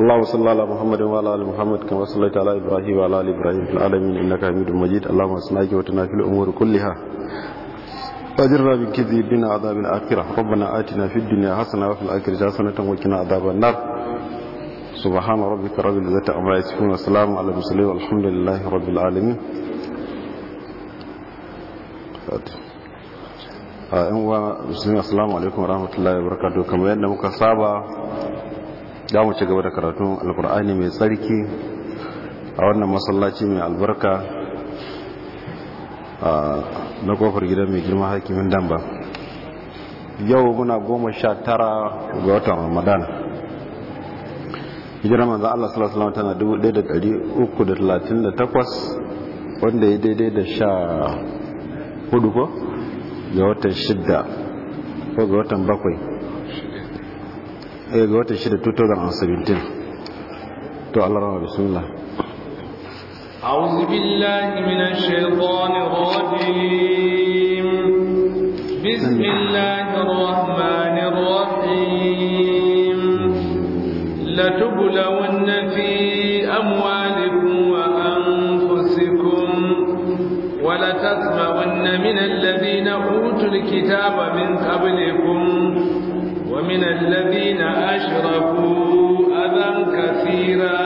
اللهم صل على محمد وعلى ال محمد كما صليت على ابراهيم وعلى ال ابراهيم في العالمين انك حميد مجيد اللهم اصلح جوتنا في الامور كلها واجرنا من كذب بنا عذاب الاخره ربنا اتنا في الدنيا حسنه وفي الاخره حسنه وقنا عذاب النار سبحان ربك رب العزه عما يصفون وسلام على المرسلين والحمد لله رب العالمين a yan uwa musulmi assalamu alaikum warahmatullahi wabarakatuh kamar yadda muka saba da mu ci gaba da karatun alkur'ani mai tsarki a wannan masallaci mai albarka a na kofar gidan mai girma hakimin damba yau muna goma sha tara ga watan ramadan hijirar manzan allah salasalama tana 1338 wanda ya daidai da sha hudu ko ga watan shidda ko ga watan bakwai ɗaya ga watan shida 2017 to Allah rama bismillah أعوذ بالله من الشيطان الرجيم بسم الله الرحمن الرحيم لتبلون في أموالكم وأنفسكم ولتسمعن من الذين أوتوا الكتاب من قبلكم ومن الذين أشركوا أذى كثيرا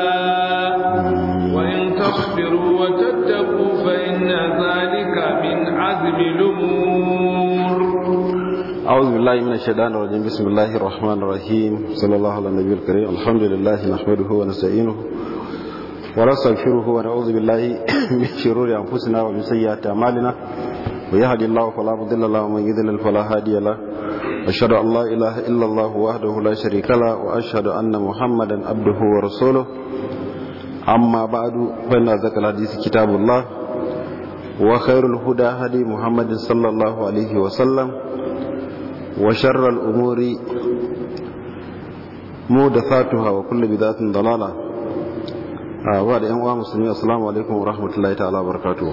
وإن تصبروا وتتقوا فإن ذلك من عزم الأمور أعوذ بالله من الشيطان الرجيم بسم الله الرحمن الرحيم صلى الله على النبي الكريم الحمد لله نحمده ونستعينه ونستغفره ونعوذ بالله من شرور أنفسنا ومن سيئات أعمالنا ويهدي الله فلا مضل له ومن يضلل فلا هادي له أشهد أن لا إله إلا الله وحده لا شريك له وأشهد أن محمدا عبده ورسوله أما بعد فإن ذكر الحديث كتاب الله وخير الهدى هدي محمد صلى الله عليه وسلم وشر الأمور محدثاتها وكل بدعة ضلالة آه وعلى أمواء مسلمين السلام عليكم ورحمة الله تعالى وبركاته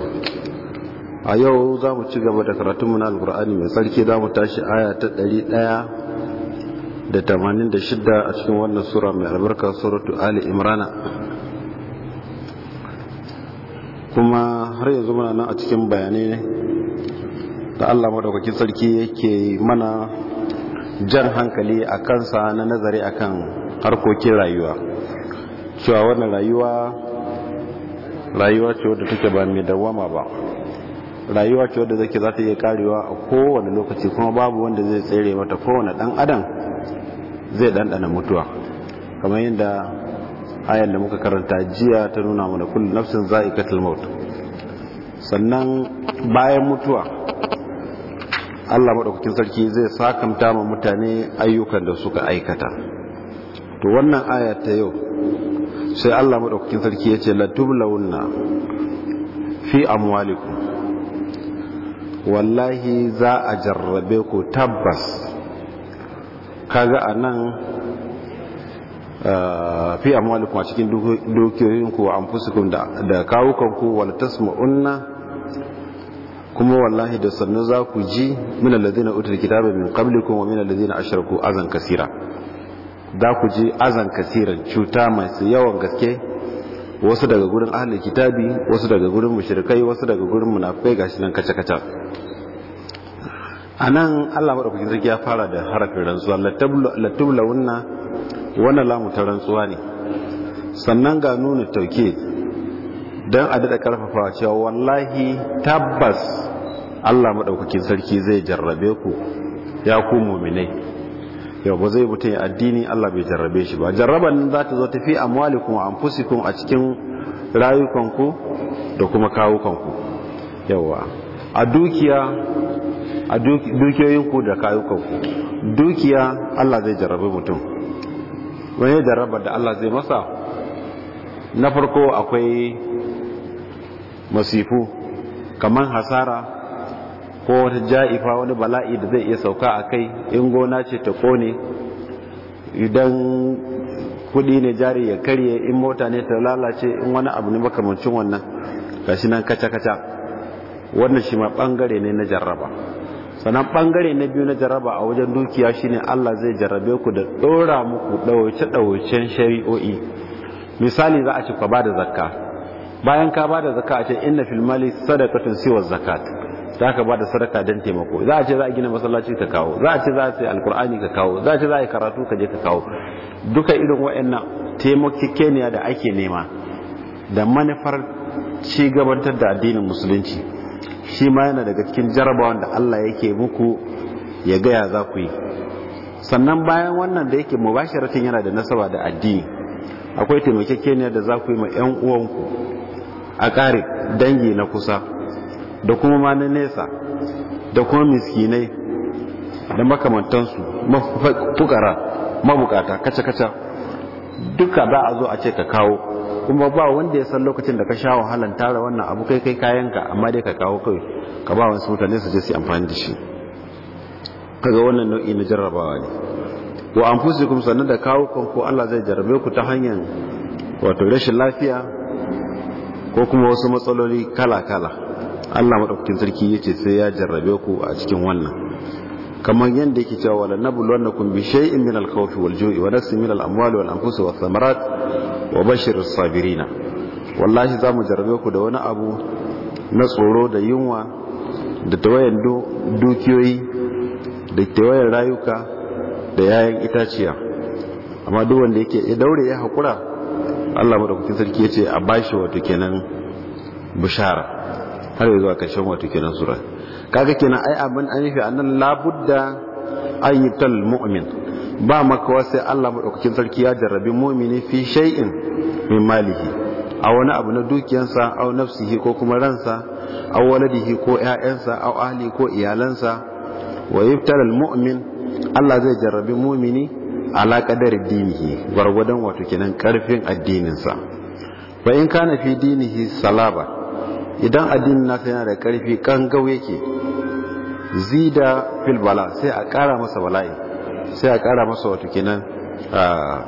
a yau za mu ci gaba da karatunmu na alkur'ani mai tsarki za mu tashi aya ta ɗari ɗaya da da shida a cikin wannan sura mai albarka suratu ali imrana kuma har yanzu muna nan a cikin bayanai da allah madaukakin sarki yake mana jan hankali a kansa na nazari akan harkokin rayuwa cewa wannan rayuwa rayuwa ce wadda take ba mai dawama ba rayuwa ce wadda zake za ta iya karewa a kowane lokaci kuma babu wanda zai tsere mata kowane dan adam zai dandana mutuwa kamar yadda ayar da muka karanta jiya ta nuna mana kullu nafsin za'iqatul maut sannan bayan mutuwa Allah madaukakin sarki zai sakamta ma mutane ayyukan da suka aikata to wannan aya ta yau sai Allah madaukakin sarki yace la tublawunna fi amwalikum wallahi za a jarrabe ku tabbas kaga a nan fi amwalikum a cikin dokokinku wa fusikun da kawukanku wani tasma'unna kuma wallahi da sannu za ku ji min alladhina utul kitaba min qablikum wa min alladhina ashraku azan kasira za ku ji azan kasiran cuta mai yawan gaske wasu daga gurin ahlul kitabi wasu daga gurin mushrikai wasu daga gurin munafikai gashi nan kaca-kaca. A anan Allah madaukakin sarki ya fara da harafin rantsuwa latabla wunna wannan lamu ta rantsuwa ne sannan ga nuna tauke don a daɗa karfafa cewa wallahi tabbas Allah maɗaukakin sarki zai jarrabe ku ya ku muminai yau ba zai mutum ya addini Allah bai jarrabe shi ba nan za ta zo ta fi a a amfusikun a cikin rayukanku da kuma kawukanku yawa a dukiya a dukiyoyinku da kayukanku dukiya Allah zai jarrabe mutum wani jarrabar da Allah zai masa na farko akwai masifu kamar hasara ko wata ja'ifa wani bala'i da zai iya sauka a kai in gona ce ta kone idan kudi ne jari ya karye in mota ne ta lalace in wani abu ne makamancin wannan shi nan kaca-kaca wannan shi ma bangare ne na jarraba sannan bangare na biyu na jarraba a wajen dukiya shine Allah zai jarrabe ku da dora muku ɗauce-ɗaucen shari'o'i misali za a ce ka ba da zakka bayan ka ba da zakka a ce inna fil mali sadaqatun siwa zakat za ka ba da sadaka don taimako za a ce za a gina masallaci ka kawo za a ce za a sai alkur'ani ka kawo za a ce za a yi karatu ka je ka kawo duka irin waɗannan keniya da ake nema da manufar ci gabatar da addinin musulunci shi ma yana daga cikin jarabawan da Allah yake muku ya gaya za ku yi sannan bayan wannan da yake mubasharatin yana da nasaba da addini akwai keniya da za ku yi ma 'yan uwanku a ƙare dangi na kusa da kuma ma na nesa da kuma miskinai da makamantansu fukara mabukata kaca-kaca duka ba a zo a ce ka kawo kuma ba wanda ya san lokacin da ka sha wahalan tara wannan abu kai kai kayanka amma dai ka kawo kai ka ba wasu mutane su je su amfani da shi kaga wannan nau'i na jarrabawa ne wa anfusikum sannan da kawo kanku Allah zai jarrabe ku ta hanyar wato rashin lafiya ko kuma wasu matsaloli kala-kala Allah madaukakin sarki yace sai ya jarrabe ku a cikin wannan kamar yanda yake cewa wala nabluwannakum bi shay'in min al-khawf wal-ju'i wa nafsin min al amwal wal anfus wath-thamarat wa bashir as-sabirin wallahi zamu jarrabe ku da wani abu na tsoro da yunwa da tawayan dukiyoyi da tawayan rayuka da yayan itaciya amma duk wanda yake ya daure ya hakura Allah madaukakin sarki yace a bashi wato kenan bishara har zuwa ƙarshen wata kenan sura kaga kenan ai abin an yi annan labudda ayyutal mu'min ba makawa sai Allah madaukakin sarki ya jarrabi mu'mini fi shay'in min malihi a wani abu na dukiyansa au nafsihi ko kuma ransa aw waladihi ko ƴaƴansa au ahli ko iyalansa wa yubtala mu'min Allah zai jarrabi mu'mini ala qadari dinihi gwargwadon wato kenan karfin addininsa fa in kana fi dinihi salaba idan addinin naka yana da karfi kangau yake zida filbala, bala sai a kara masa bala'i sai a kara masa wato kenan a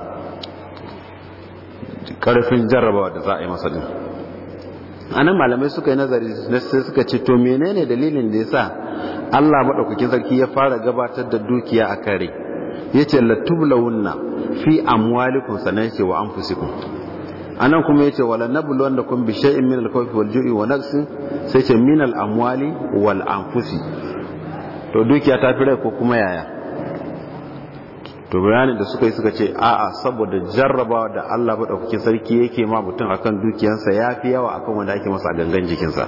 karfin jarrabawa da za a yi masa din nan malamai suka yi nazari sai suka ce to menene dalilin da ya sa Allah maɗaukakin sarki ya fara gabatar da dukiya a kare ya ce yace wunna fi amwalikun sanan ke wa anfusikum anan kuma yace wala nablu wanda kun bi shay'in min al-khawfi wal ju'i wa sai ce min al-amwali wal anfusi to dukiya ta fi rai ko kuma yaya to bayanin da suka yi suka ce a'a saboda jarrabawa da Allah madaukakin sarki yake ma mutum akan dukiyarsa yafi yawa akan wanda ake masa gangan jikinsa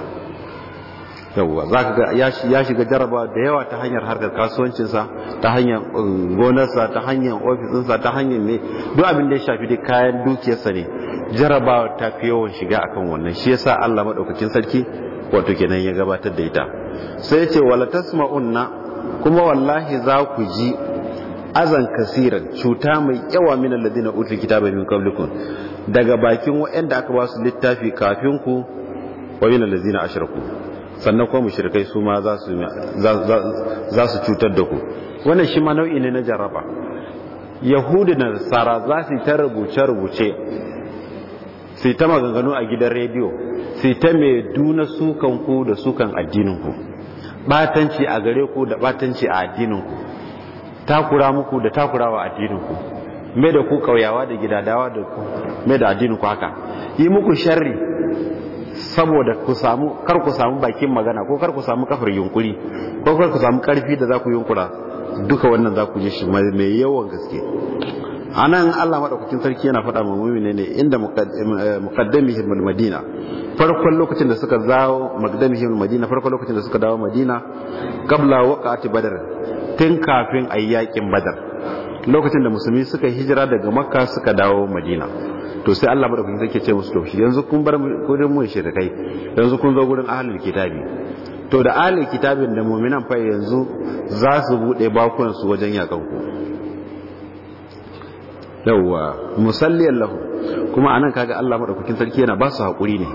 yawwa za ka ya shiga jaraba da yawa ta hanyar harkar kasuwancinsa ta hanyar um, gonarsa ta hanyar ofisinsa ta hanyar ne duk abin da ya shafi da kayan dukiyarsa ne jaraba ta fi yawan shiga akan wannan shi yasa Allah maɗaukacin sarki wato kenan ya gabatar da ita sai ya ce wala tasma'unna kuma wallahi za ku ji azan kasiran cuta mai yawa min alladhina utul kitaba min qablikum daga bakin wa'anda aka ba su littafi kafin ku wa min alladhina ashraku sannan kuma mushrikai su ma za su cutar da ku wannan shi ma nau'i ne na jaraba yahudu na nasara za su ta rubuce-rubuce su ta maganganu a gidan rediyo su ta mai duna sukanku da sukan addininku batanci a gare ku da batanci a addininku takura muku da takurawa addininku mai da ku kauyawa da gidadawa da ku mai da addininku haka yi muku sharri saboda ku samu kar ku samu bakin magana ko kar ku samu kafar yunkuri ko kar ku samu karfi da za ku yunkura duka wannan za ku ji shi mai yawan gaske anan Allah madaukakin sarki yana faɗa ma mu'mini ne inda muqaddamihim madina farkon lokacin da suka zawo muqaddamihim madina farkon lokacin da suka dawo madina qabla waqati badar tun kafin ayyakin badar lokacin da musulmi suka hijira daga makka suka dawo madina to sai Allah madaukakin ke ce musu to yanzu kun bar gurin mu kai yanzu kun zo gurin ahlul kitabi to da ahlul kitabin da mu'minan fa yanzu za su bude bakuwan su wajen yakan ku yawwa musalli lahu kuma anan kaga Allah madaukakin sarki yana ba su hakuri ne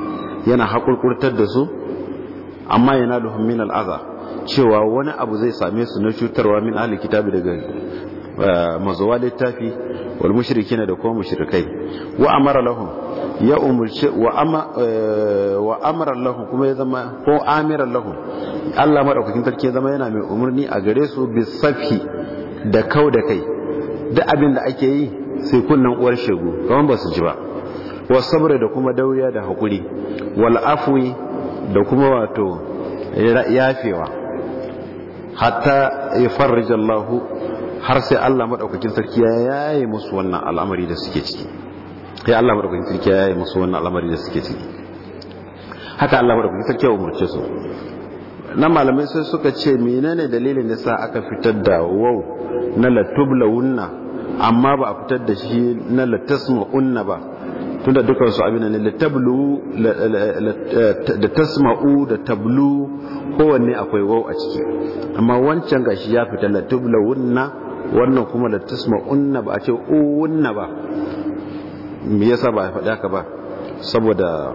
yana hakurkurtar da su amma yana luhum min al'aza cewa wani abu zai same su na cutarwa min ahlul kitabi daga mazuwa littafi wal mushrikina da kuma mushrikai wa amara lahum ya umurce wa amara lahum kuma ya zama ko amira lahum Allah madaukakin sarki ya zama yana mai umurni a gare su bisafi da kau da kai duk abin da ake yi sai kunnan uwar shegu kaman ba su ji ba wa sabra da kuma dauriya da hakuri wal afwi da kuma wato yafewa hatta ya farrija Allahu har sai Allah madaukakin sarki ya yaye musu wannan al'amari da suke ciki ya Allah madaukakin sarki ya yaye musu wannan al'amari da suke ciki haka Allah madaukakin sarki ya umurce su na malamai sai suka ce menene dalilin da sa aka fitar da wau na latublawunna amma ba a fitar da shi na latasma'unna ba tunda dukkan su abin ne latablu da tasma'u da tablu kowanne akwai wau a ciki amma wancan gashi ya fita latublawunna wannan kuma da unna ba a ce unna ba me yasa ba a faɗi haka ba saboda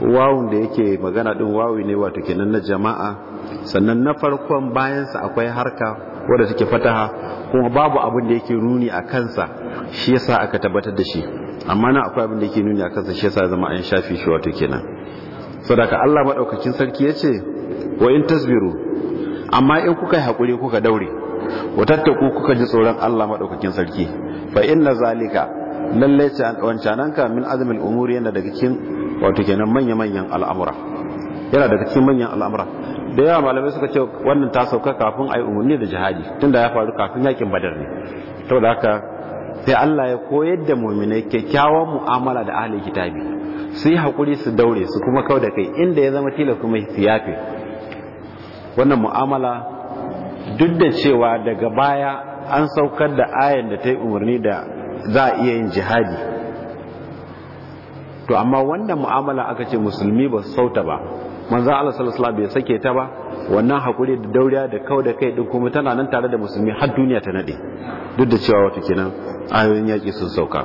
wawun da yake magana ɗin wawi ne wato kenan na jama'a sannan na farkon bayansa akwai harka wadda take fataha kuma babu abin da yake nuni a kansa shi yasa aka tabbatar da shi amma na akwai abin da yake nuni a kansa shi yasa zama an shafi shi wato kenan sadaka Allah maɗaukacin sarki ya ce wa in tasbiru amma in kuka yi hakuri kuka daure Watattaku ku kuka ji tsoron Allah maɗaukakin sarki fa inna zalika lalle ce wancanan ka min azumin umuri yana daga cikin wato kenan manya manyan al'amura yana daga cikin manyan al'amura da yawa malamai suka ce wannan ta sauka kafin a yi umarni da jihadi tunda ya faru kafin yakin badar ne saboda haka sai Allah ya koyar da mu'minai kyakkyawan mu'amala da ahli kitabi su yi haƙuri su daure su kuma kau da kai inda ya zama tilo kuma su yafe wannan mu'amala duk da cewa daga baya an saukar da ayan da ta yi umarni da za a iya yin jihadi to amma wannan mu'amala aka ce musulmi ba su sauta ba manzan Allah salasala bai sake ta ba wannan haƙuri da dauriya da kawo da kai ɗin kuma tana nan tare da musulmi har duniya ta nade duk da cewa wata kenan ayoyin yaƙi sun sauka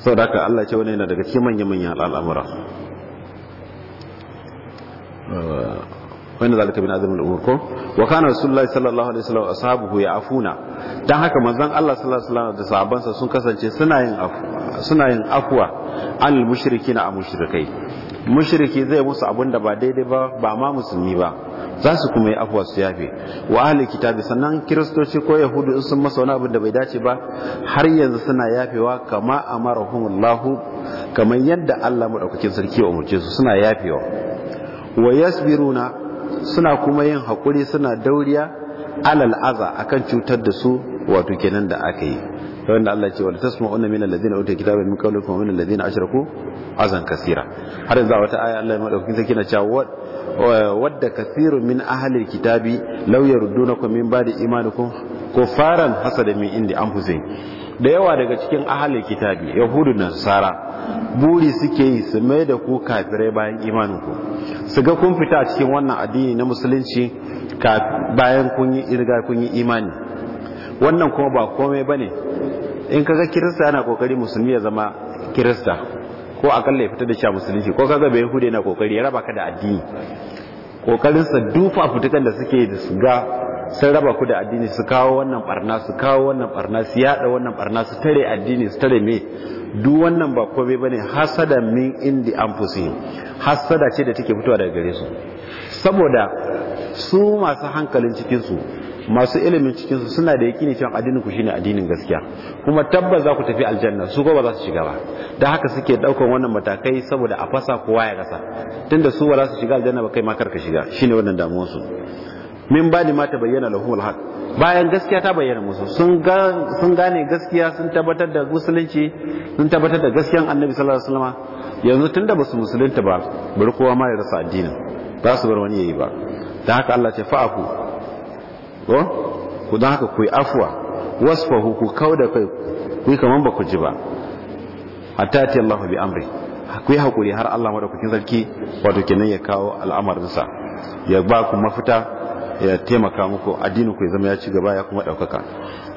sau da aka Allah ce wani yana daga cikin manya-manyan al'amura uh, wa da zalika bin azmil umur ko wa kana rasulullahi sallallahu alaihi wasallam ashabuhu afuna dan haka manzon Allah sallallahu alaihi wasallam da sahabbansa sun kasance suna yin afuwa. suna yin afwa al mushrikina a mushrikai mushriki zai musu abunda da ba daidai ba ba ma musulmi ba za su kuma yi afuwa su yafe wa ahli kitabi sannan kiristoci ko yahudu in sun masa wani abin da bai dace ba har yanzu suna yafewa kama amarahumullahu kamar yadda Allah madaukakin sarki ya umurce su suna yafewa wa yasbiruna suna kuma yin haƙuri suna dauriya alal aza akan cutar da su wato kenan da aka yi wanda Allah ce wala tasma'un min alladhina utul kitaba min qablikum wa min alladhina ashraku azan kaseera har yanzu wata aya Allah ya madaukakin sarki na cewa wadda kaseerun min ahli alkitabi law yardunakum min ba'di imanikum kufaran hasada min indi anfusihim da yawa daga cikin ahalin kitabi yahudu na sara buri suke yi su mai da ku kafirai bayan imaninku su ga kun fita cikin wannan addini na musulunci bayan kun yi irga kun yi imani wannan kuma ba komai ba ne in kaga kirista yana kokari musulmi ya zama kirista ko akalla ya fita da sha musulunci ko kaga bai yahudu yana kokari ya raba ka da addini kokarinsa dufa fitukan da suke da su ga sun raba ku da addini su kawo wannan barna su kawo wannan barna su yada wannan barna su tare addini su tare me duk wannan ba kome bane hasada min indi anfusihim hasada ce da take fitowa daga gare su saboda su masu hankalin cikin su masu ilimin cikin su suna da yakini cewa addinin ku shine addinin gaskiya kuma tabbas za ku tafi aljanna su ko ba za su shiga ba dan haka suke daukan wannan matakai saboda a fasa kowa ya rasa tunda su ba za su shiga aljanna ba kai ma karka shiga shine wannan damuwar su min ba ma ta bayyana lahumul alhaq bayan gaskiya ta bayyana musu sun gane gaskiya sun tabbatar da musulunci sun tabbatar da gaskiyan annabi sallallahu alaihi wasallam yanzu tunda ba su musulunta ba bari kowa ma ya rasa addinin ba su bar wani yayi ba dan haka Allah ce fa'aku ko ku dan haka ku yi afwa wasfahu ku kauda kai ku kaman ba ku ji ba hatta ta Allah bi amri ku yi hakuri har Allah madaukakin sarki wato kenan ya kawo al'amarinsa ya ba ku mafita ya taimaka muku addinin ku ya zama ya ci gaba ya kuma daukaka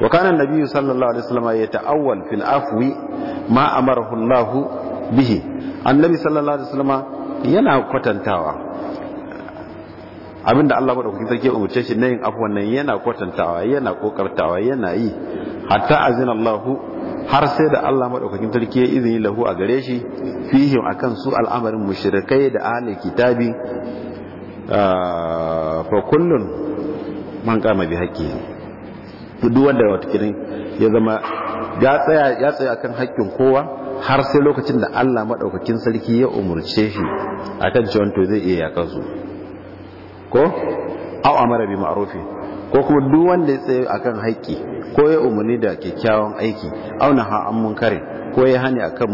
wa kana nabiyyu sallallahu alaihi wasallam ya ta'awwal fil afwi ma amarahu Allah bihi annabi sallallahu alaihi wasallam yana kwatantawa abinda Allah madaukakin sarki umurce shi nayin afwan nan yana kwatantawa yana kokartawa yana yi hatta azina Allah har sai da Allah madaukakin sarki ya izini lahu a gare shi fihim akan su al'amarin mushrikai da ahli kitabi Ah, fa kullun man kama bi haƙƙi duk wanda wata ya zama ya tsaya ya tsaya akan haƙƙin kowa har sai lokacin da Allah madaukakin sarki ya umurce shi akan cewa to zai iya yakan su ko aw amara bi ma'rufi ko kuma duk wanda ya tsaya akan haƙƙi ko ya umurni da kyakkyawan aiki aw naha an munkari ko ya hani akan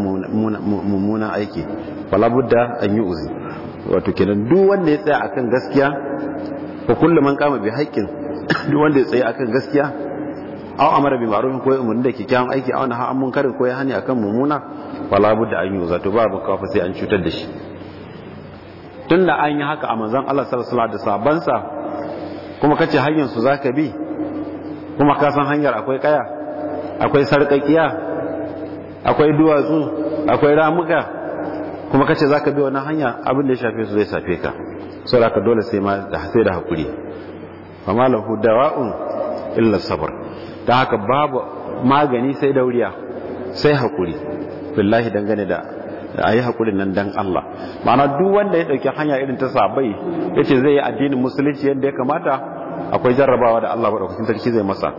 mummunan aiki falabudda an yi uzi wato kenan duk wanda ya tsaya akan gaskiya ko kullu man kama bi haqqin duk wanda ya tsaya akan gaskiya aw amara bi ma'ruf ko umurni da ke kyan aiki aw naha ha'amun karin ko ya hani akan mumuna wala budda an yuza to babu kafa sai an cutar da shi tunda an yi haka a manzon Allah sallallahu alaihi wasallam da sabansa kuma kace hanyar su zaka bi kuma ka san hanyar akwai kaya akwai sarkakiya akwai duwatsu akwai ramuka kuma ka kace zaka bi wani hanya abin da ya shafe su zai shafe ka saboda ka dole sai ma da sai da hakuri amma lahu dawa'un illa sabr dan haka babu magani sai da wuriya sai hakuri billahi dangane da ayi hakurin nan dan Allah ma'ana duk wanda ya ɗauki hanya irin ta sabai ce zai yi addinin musulunci yadda ya kamata akwai jarrabawa da Allah madaukakin sarki zai masa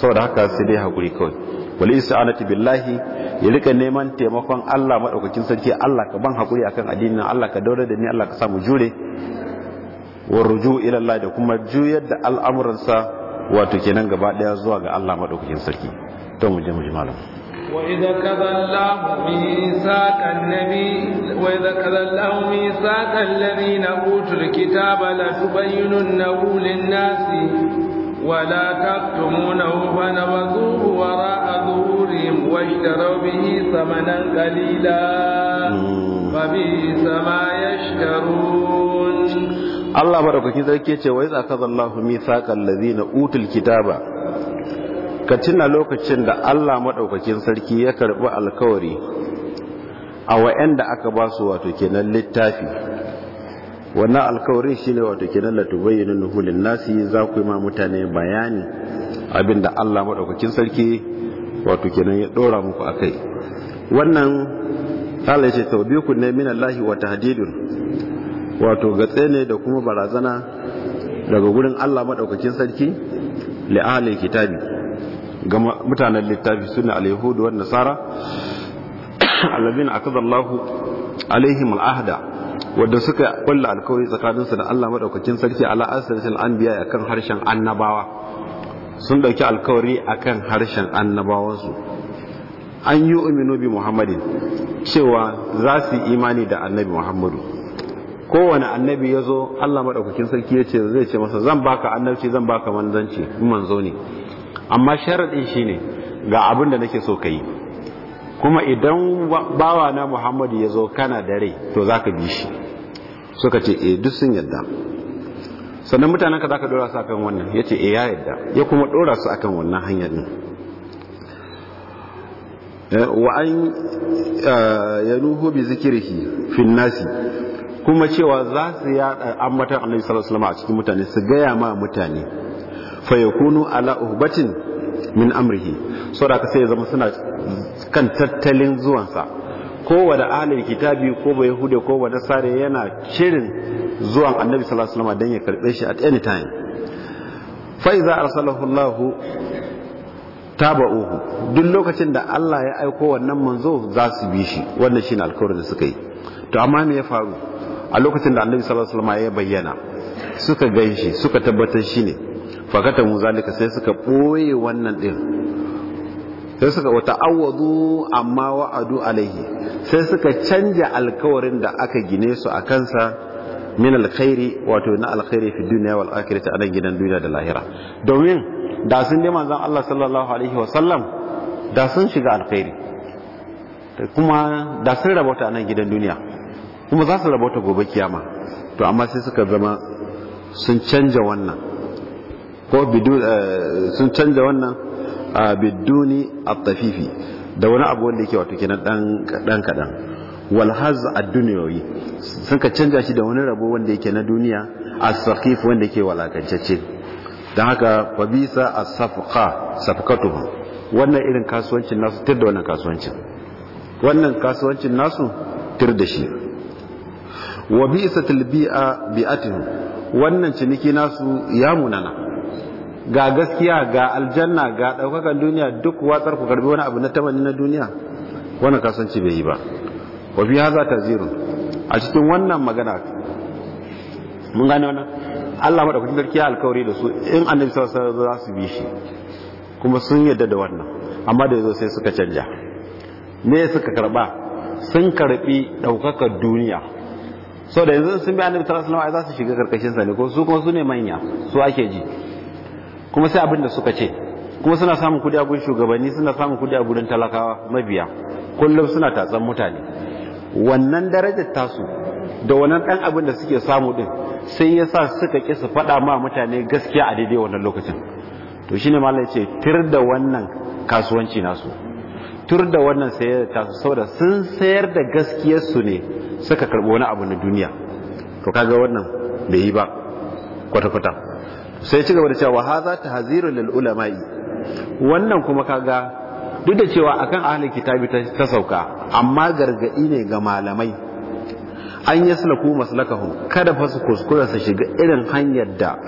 saboda haka sai dai hakuri kawai wal ista'anatu billahi ya rika neman taimakon Allah madaukakin sarki Allah ka ban hakuri akan addinin Allah ka daure da ni Allah ka samu jure wa ruju ila Allah da kuma juyar da al'amuransa wato kenan gaba daya zuwa ga Allah madaukakin sarki to mu je mu ji malam وإذا كذا الله ميثاق النبي وإذا كذا الله ميثاق الذين أوتوا الكتاب لتبيننه للناس ولا تكتمونه فنبذوه وراء ظهورهم واشتروا به ثمنا قليلا فبئس ما يشترون الله بارك في ذلك يتي وإذ أخذ الله ميثاق الذين أوتوا الكتاب ka tuna lokacin da Allah maɗaukakin sarki ya karɓi alkawari a wa'yan da aka ba su wato kenan littafi wannan alkawarin shine wato kenan la tubayyinu lahu nasi za ku yi ma mutane bayani abinda Allah madaukakin sarki wato kenan ya dora muku akai wannan Allah ya ce tawbiku ne min Allah wa tahdidun wato gatse ne da kuma barazana daga gurin Allah madaukakin sarki li ahli kitabi ga mutanen littafi suna al-yahud wa nasara alladhina akadallahu alaihim al-ahda wanda suka kulla alkawari su da Allah madaukakin sarki ala asratil anbiya akan harshen annabawa sun dauki alkawari akan harshen annabawansu an yi uminu bi muhammadin cewa za su imani da annabi muhammadu kowane annabi ya zo allah maɗaukakin sarki ya ce zai ce masa zan baka annabci zan baka manzanci manzo ne amma sharaɗin shi ne ga abin da nake so ka yi kuma idan bawa na muhammadu ya zo kana da rai to za ka bi shi suka ce eh duk sun yadda sannan mutanen ka zaka dora su akan wannan yace eh ya yadda ya kuma dora su akan wannan hanyar ne. Eh, wa an eh, yanuhu bi zikrihi fi nasi kuma cewa za su yada ambatan annabi sallallahu alaihi a cikin mutane su gaya ma mutane fa yakunu ala uhbatin min amrihi saboda ka sai zama suna kan tattalin zuwansa kowane ahalin kitabi ko bai yahude ko ba nasare yana shirin zuwan annabi sallallahu alaihi wasallam ya karbe shi at any time fa iza arsalahu allah taba'uhu duk lokacin da Allah ya aiko wannan manzo za su bi shi wannan shine alkawarin da suka yi to amma me ya faru a lokacin da annabi sallallahu alaihi wasallam ya bayyana suka ganshi suka tabbatar shi ne fakatan mu zalika sai suka boye wannan din sai suka wata awwadu amma wa'adu alaihi sai suka canja alkawarin da aka gine su a kansa min alkhairi wato na alkhairi fi duniya wal akhirati a gidan duniya da lahira domin da sun dai manzon Allah sallallahu alaihi wa sallam da sun shiga alkhairi kuma da sun rabota a nan gidan duniya kuma za su rabota gobe kiyama to amma sai suka zama sun canja wannan ko bidu eh, sun canja wannan ah, biduni at-tafifi da wani abu wanda yake wato kenan dan kadan wal haz ad-dunyawi sun ka canja shi da wani rabo wanda yake na duniya as-saqif wanda yake walakantacce dan haka fabisa as-safqa safqatuhum wannan irin kasuwancin nasu tir da wannan kasuwancin wannan kasuwancin nasu tir da shi wa bi'satil bi'a bi'atuhu wannan ciniki nasu ya munana ga gaskiya ga aljanna ga ɗaukakan duniya duk watsar ku karbi wani abu na tamani na duniya wannan kasance bai yi ba wa fi haza tazirun a cikin wannan magana mun gane wannan Allah madaukakin sarki ya alkawari da su in annabi sallallahu alaihi wasallam za su bi shi kuma sun yadda da wannan amma da yazo sai suka canja me suka karba sun karbi ɗaukakan duniya so da yanzu sun bi annabi sallallahu alaihi wasallam za su shiga karkashin sa ne ko su kuma su ne manya su ake ji kuma sai abin da suka ce kuma suna samun kudi a gurin shugabanni suna samun kudi a gurin talakawa mabiya kullum suna tatsan mutane wannan darajar tasu da wannan ɗan abin da suke samu din sai ya sa suka ƙi su faɗa ma mutane gaskiya a daidai wannan lokacin to shine malai ce tur da wannan kasuwanci nasu tur da wannan sayar da tasu saboda sun sayar da gaskiyarsu ne suka karɓi wani abu na duniya to kaga wannan bai yi ba kwata-kwata sai ci gaba da cewa haza tahzirul lil ulama wannan kuma kaga duk da cewa akan ahli kitabi ta sauka amma gargadi ne ga malamai an yaslaku maslakahu kada fa su kuskura su shiga irin hanyar da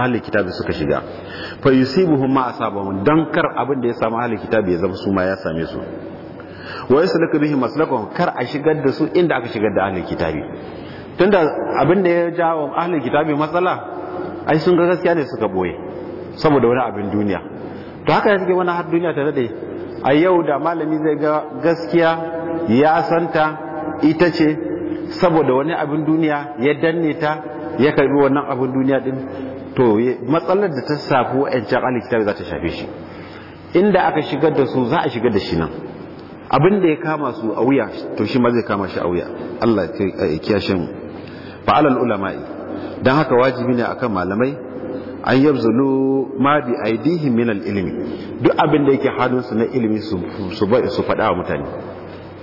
ahli kitabi suka shiga fa yusibuhum ma asabahum dan kar abin da ya samu ahli kitabi ya zama su ma ya same su wa yaslaku bihi maslakahum kar a shigar da su inda aka shigar da ahli kitabi tunda abin da ya jawo ahli kitabi matsala ai sun ga gaskiya ne suka boye saboda wani abin duniya to haka suke wani har duniya ta da a yau da malami zai ga gaskiya ya santa ita ce saboda wani abin duniya ya danne ta ya karbi wannan abin duniya din to matsalar da ta safi wa'ancan alkitabi za ta shafe shi inda aka shigar da su za a shigar da shi nan abin da ya kama su a wuya to shi ma zai kama shi a wuya Allah ya kiyashe mu ulama'i don haka wajibi ne akan malamai an zulu ma bi aidihim min ilimi duk abin da yake hannunsu na ilimi su bai su faɗa wa mutane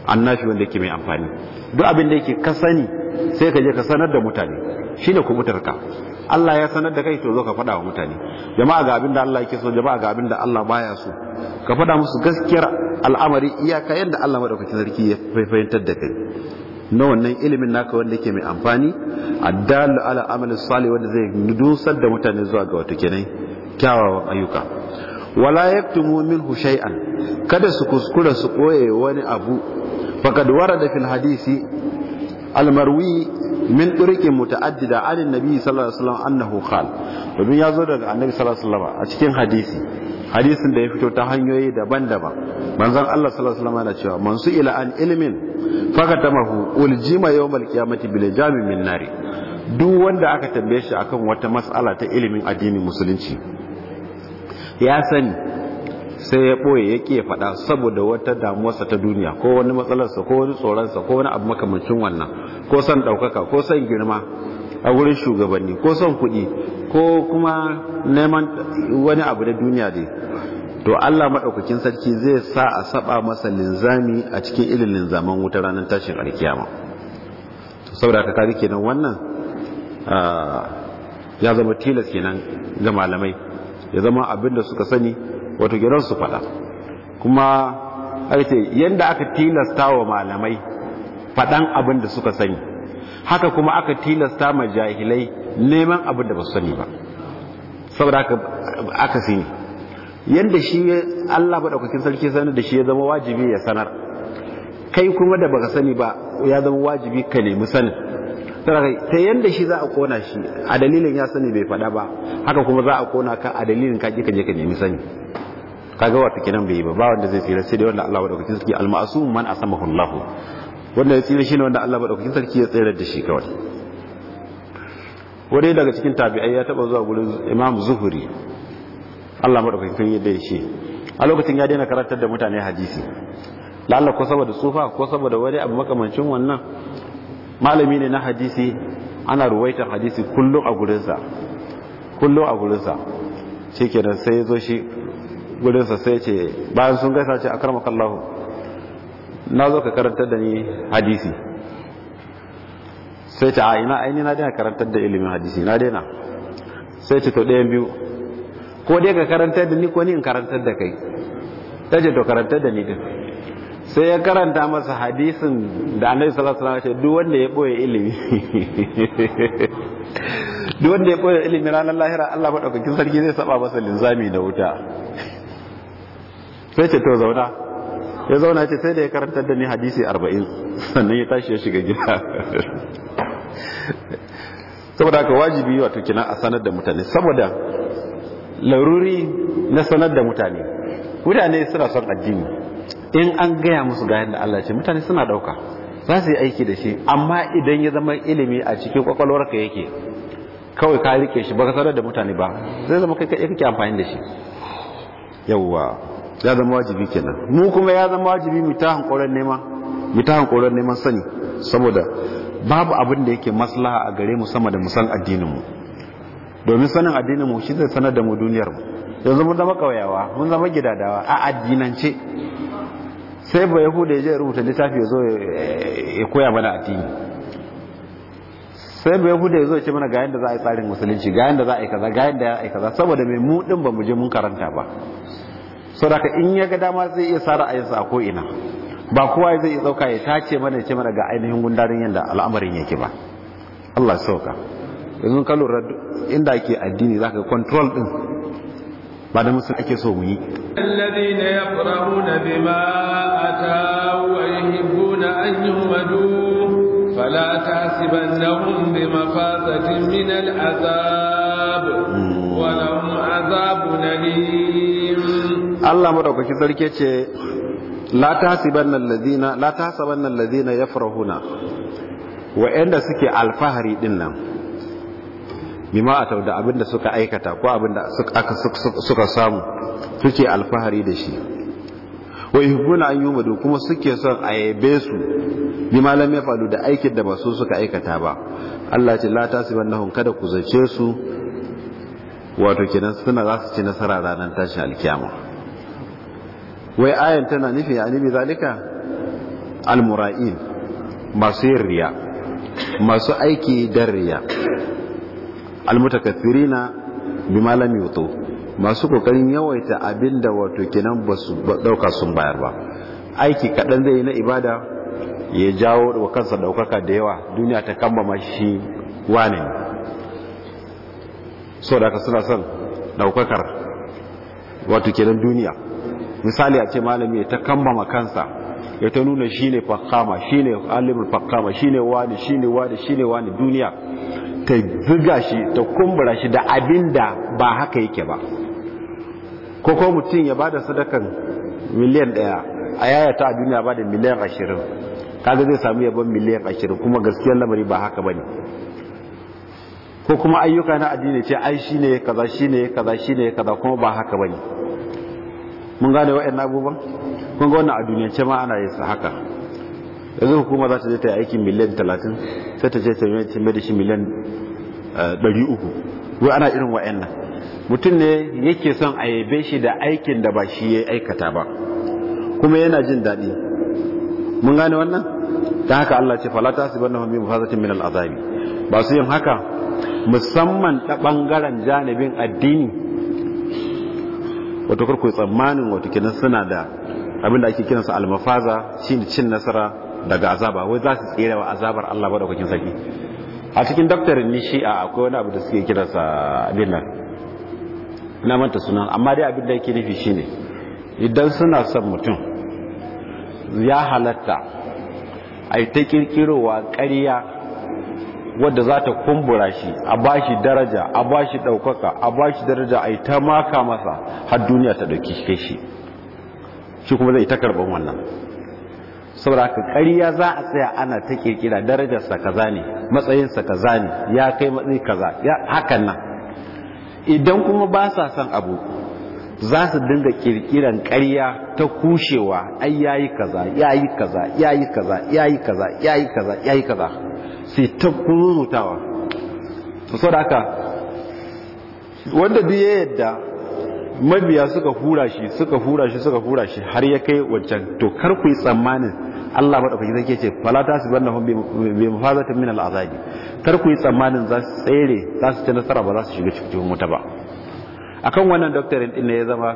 annashi wanda yake mai amfani duk abin da yake ka sani sai ka je ka sanar da mutane shine kubutarka Allah ya sanar da kai to zo ka faɗa wa mutane jama'a ga abin da Allah yake so jama'a ga abin da Allah baya so ka faɗa musu gaskiyar al'amari iyaka yadda Allah madaukakin sarki ya fahimtar da kai na wannan ilimin naka wanda ke mai amfani a addalu ala amali sali wanda zai dusar da mutane zuwa ga wata kenan kyawawan ayyuka wala yaktumu minhu hushai'an kada su kuskura su koye wani abu wara da fil hadisi almarwi min turiqin muta'addida an nabi sallallahu alaihi wasallam annahu khal domin ya zo daga annabi sallallahu alaihi wasallam a cikin hadisi hadisin da ya fito ta hanyoyi daban-daban manzon Allah sallallahu alaihi wasallam cewa man su ila an ilmin fakatamahu uljima yawmal qiyamati bil jami min nari duk wanda aka tambaye shi akan wata mas'ala ta ilimin addinin musulunci ya sani sai ya boye ya ke faɗa saboda wata damuwarsa ta duniya ko wani matsalarsa ko wani tsoronsa ko wani abu makamancin wannan ko san ɗaukaka ko san girma a wurin shugabanni ko son kuɗi ko kuma neman wani abu na duniya dai to Allah maɗaukakin sarki zai sa a saba masa linzami a cikin irin linzaman wuta ranar tashin alkiyama saboda ka kaga kenan wannan ya zama tilas kenan ga malamai ya zama abin da suka sani wato gidan su faɗa kuma ce yanda aka tilasta wa malamai faɗan abin da suka sani haka kuma aka tilasta ma jahilai neman abin da ba su sani ba saboda aka sani yanda shi Allah madaukakin sarki sanar da shi ya zama wajibi ya sanar kai kuma da baka sani ba ya zama wajibi ka nemi sanin ta yanda shi za a kona shi a dalilin ya sani bai faɗa ba haka kuma za a kona ka a dalilin ka ka je ka nemi sani kaga wata kinan bai yi ba ba wanda zai tsira sai da wanda Allah madaukakin sarki al-ma'sum man asamahu Allah wanda ya tsira shine wanda Allah madaukakin sarki ya tsira da shi kawai wani daga cikin tabi'ai ya taba zuwa gurin Imam Zuhuri Allah madaukakin sarki ya da shi a lokacin ya daina karantar da mutane hadisi lalla ko saboda tsufa ko saboda wani abu makamancin wannan malami ne na hadisi ana ruwaitar hadisi kullum a gurinsa kullum a gurinsa shikenan sai ya zo shi gurinsa sai ce bayan sun gaisa ce akramakallahu na zo ka karantar da ni hadisi sai ta ina aini na daina karantar da ilimin hadisi na daina sai ce to ɗayan biyu ko dai ka karantar da ni ko ni in karantar da kai ta ce to karantar da ni din sai ya karanta masa hadisin da annabi sallallahu alaihi wasallam duk wanda ya boye ilimi duk wanda ya boye ilimi ranar lahira Allah madaukakin sarki zai saba masa linzami da wuta sai ce to zauna ya zauna ce sai da ya karantar da ni hadisi arba'in sannan ya tashi ya shiga gida saboda ka wajibi wato kina a sanar da mutane saboda laruri na sanar da mutane mutane suna son addini in an gaya musu ga yadda Allah ce mutane suna dauka za su yi aiki da shi amma idan ya zama ilimi a cikin kwakwalwar ka yake kawai ka rike shi ba ka sanar da mutane ba zai zama kai kake amfani da shi yawwa ya zama wajibi kenan mu kuma ya zama wajibi mu ta hankoran nema mu ta hankoran neman sani saboda babu abin da yake maslaha a gare mu sama da mu san addinin mu domin sanin addinin mu shi zai sanar da mu duniyar mu yanzu mun zama kauyawa mun zama gidadawa a addinance sai ba yahuda ya je rubuta littafi ya zo ya koya mana addini sai ba hude ya zo ya ce mana ga yanda za a yi tsarin musulunci ga yanda za a yi kaza ga yanda za a yi kaza saboda mai mu din ba mu je mun karanta ba saboda in ya ga dama zai iya a yanzu a ko'ina ba kowa zai iya ɗauka ya tace mana ya ce mana ga ainihin gundarin yadda al'amarin yake ba Allah sauka yanzu ka lura inda ake addini za ka control din, ba da musul ake so mu yi الذين يفرحون بما أتاوا ويحبون أن يهمدوا فلا تحسبنهم بمفازة من العذاب ولهم عذاب أليم Allah madaukaki sarki ce la tasibanna allazina la tasabanna allazina yafrahuna inda suke alfahari din nan bima atau da abinda suka aikata ko abinda suka suka samu suke alfahari da shi wa yuhibuna an yumadu kuma suke son a yabe su bi malam ya falu da aikin da ba su suka aikata ba Allah ce la tasibannahum kada ku zace su wato kenan suna za su ci nasara ranar tashin alkiyama wai ayan tana nufi ya nufi zalika almura'in masu yin riya masu aiki don riya almutakathirina bi malam yuto masu kokarin yawaita abinda wato kenan ba su dauka sun bayar ba aiki kaɗan zai yi na ibada ya jawo wa kansa ɗaukaka da yawa duniya ta kammama shi wane so da ka suna son ɗaukakar wato kenan duniya misali a ce malami ya ta kambama kansa ya ta nuna shi ne fakama shi ne alimin fakama shi ne wani shi ne wani shi ne wani duniya ta ziga shi ta kumbura shi da abin da ba haka yake ba ko ko mutum ya ba da sadakan miliyan daya a yaya ta a duniya da miliyan ashirin kaga zai samu yabon miliyan ashirin kuma gaskiyar lamari ba haka ba ne ko kuma ayyuka na addini ce ai shi ne kaza shi ne kaza shi ne kaza kuma ba haka ba ne mun gane wa'annan abubuwan kun ga wannan a ce ma ana yin su haka yanzu hukuma za ta je ta yi aikin miliyan talatin sai ta je ta yi da shi miliyan eh, ɗari uku wai ana irin nan mutum ne yake son a yabe shi da aikin da ba shi ya aikata ba kuma yana jin daɗi mun gane wannan ta haka Allah ce falata su banna hami mafazatin min al'azabi ba su yin haka musamman ta ɓangaren janibin addini wato karku tsammanin wato kenan suna da abinda ake kiran sa almafaza shine cin nasara daga azaba wai za su tsere wa azabar Allah kokin saki a cikin daftarin ni a akwai wani abu da suke kiransa abin nan na manta sunan amma dai abin da yake nufi shine idan suna son mutum ya halatta ai ta kirkirowa ƙarya wadda za ta kumbura shi a ba shi daraja a ba shi ɗaukaka a ba shi daraja a yi ta maka masa har duniya ta ɗauki kai shi shi kuma zai ta karɓar wannan saboda haka karya za a tsaya ana ta ƙirƙira darajarsa kaza ne matsayinsa kaza ne ya kai matsayi kaza ya hakan nan idan kuma ba sa son abu za su dinga ƙirƙiran ƙariya ta kushewa ai yayi kaza yayi kaza yayi kaza yayi kaza yayi kaza yayi kaza sai ta kurutawa to so da haka wanda biye yadda mabiya suka hura shi suka hura shi suka hura shi har ya kai wancan to kar ku yi tsammanin Allah madaukaki ke ce fala tasbannahum bi mafazatin min al'azabi kar ku yi tsammanin za su tsere za su ci nasara ba za su shiga cikin wuta ba akan wannan doctorate din ne ya zama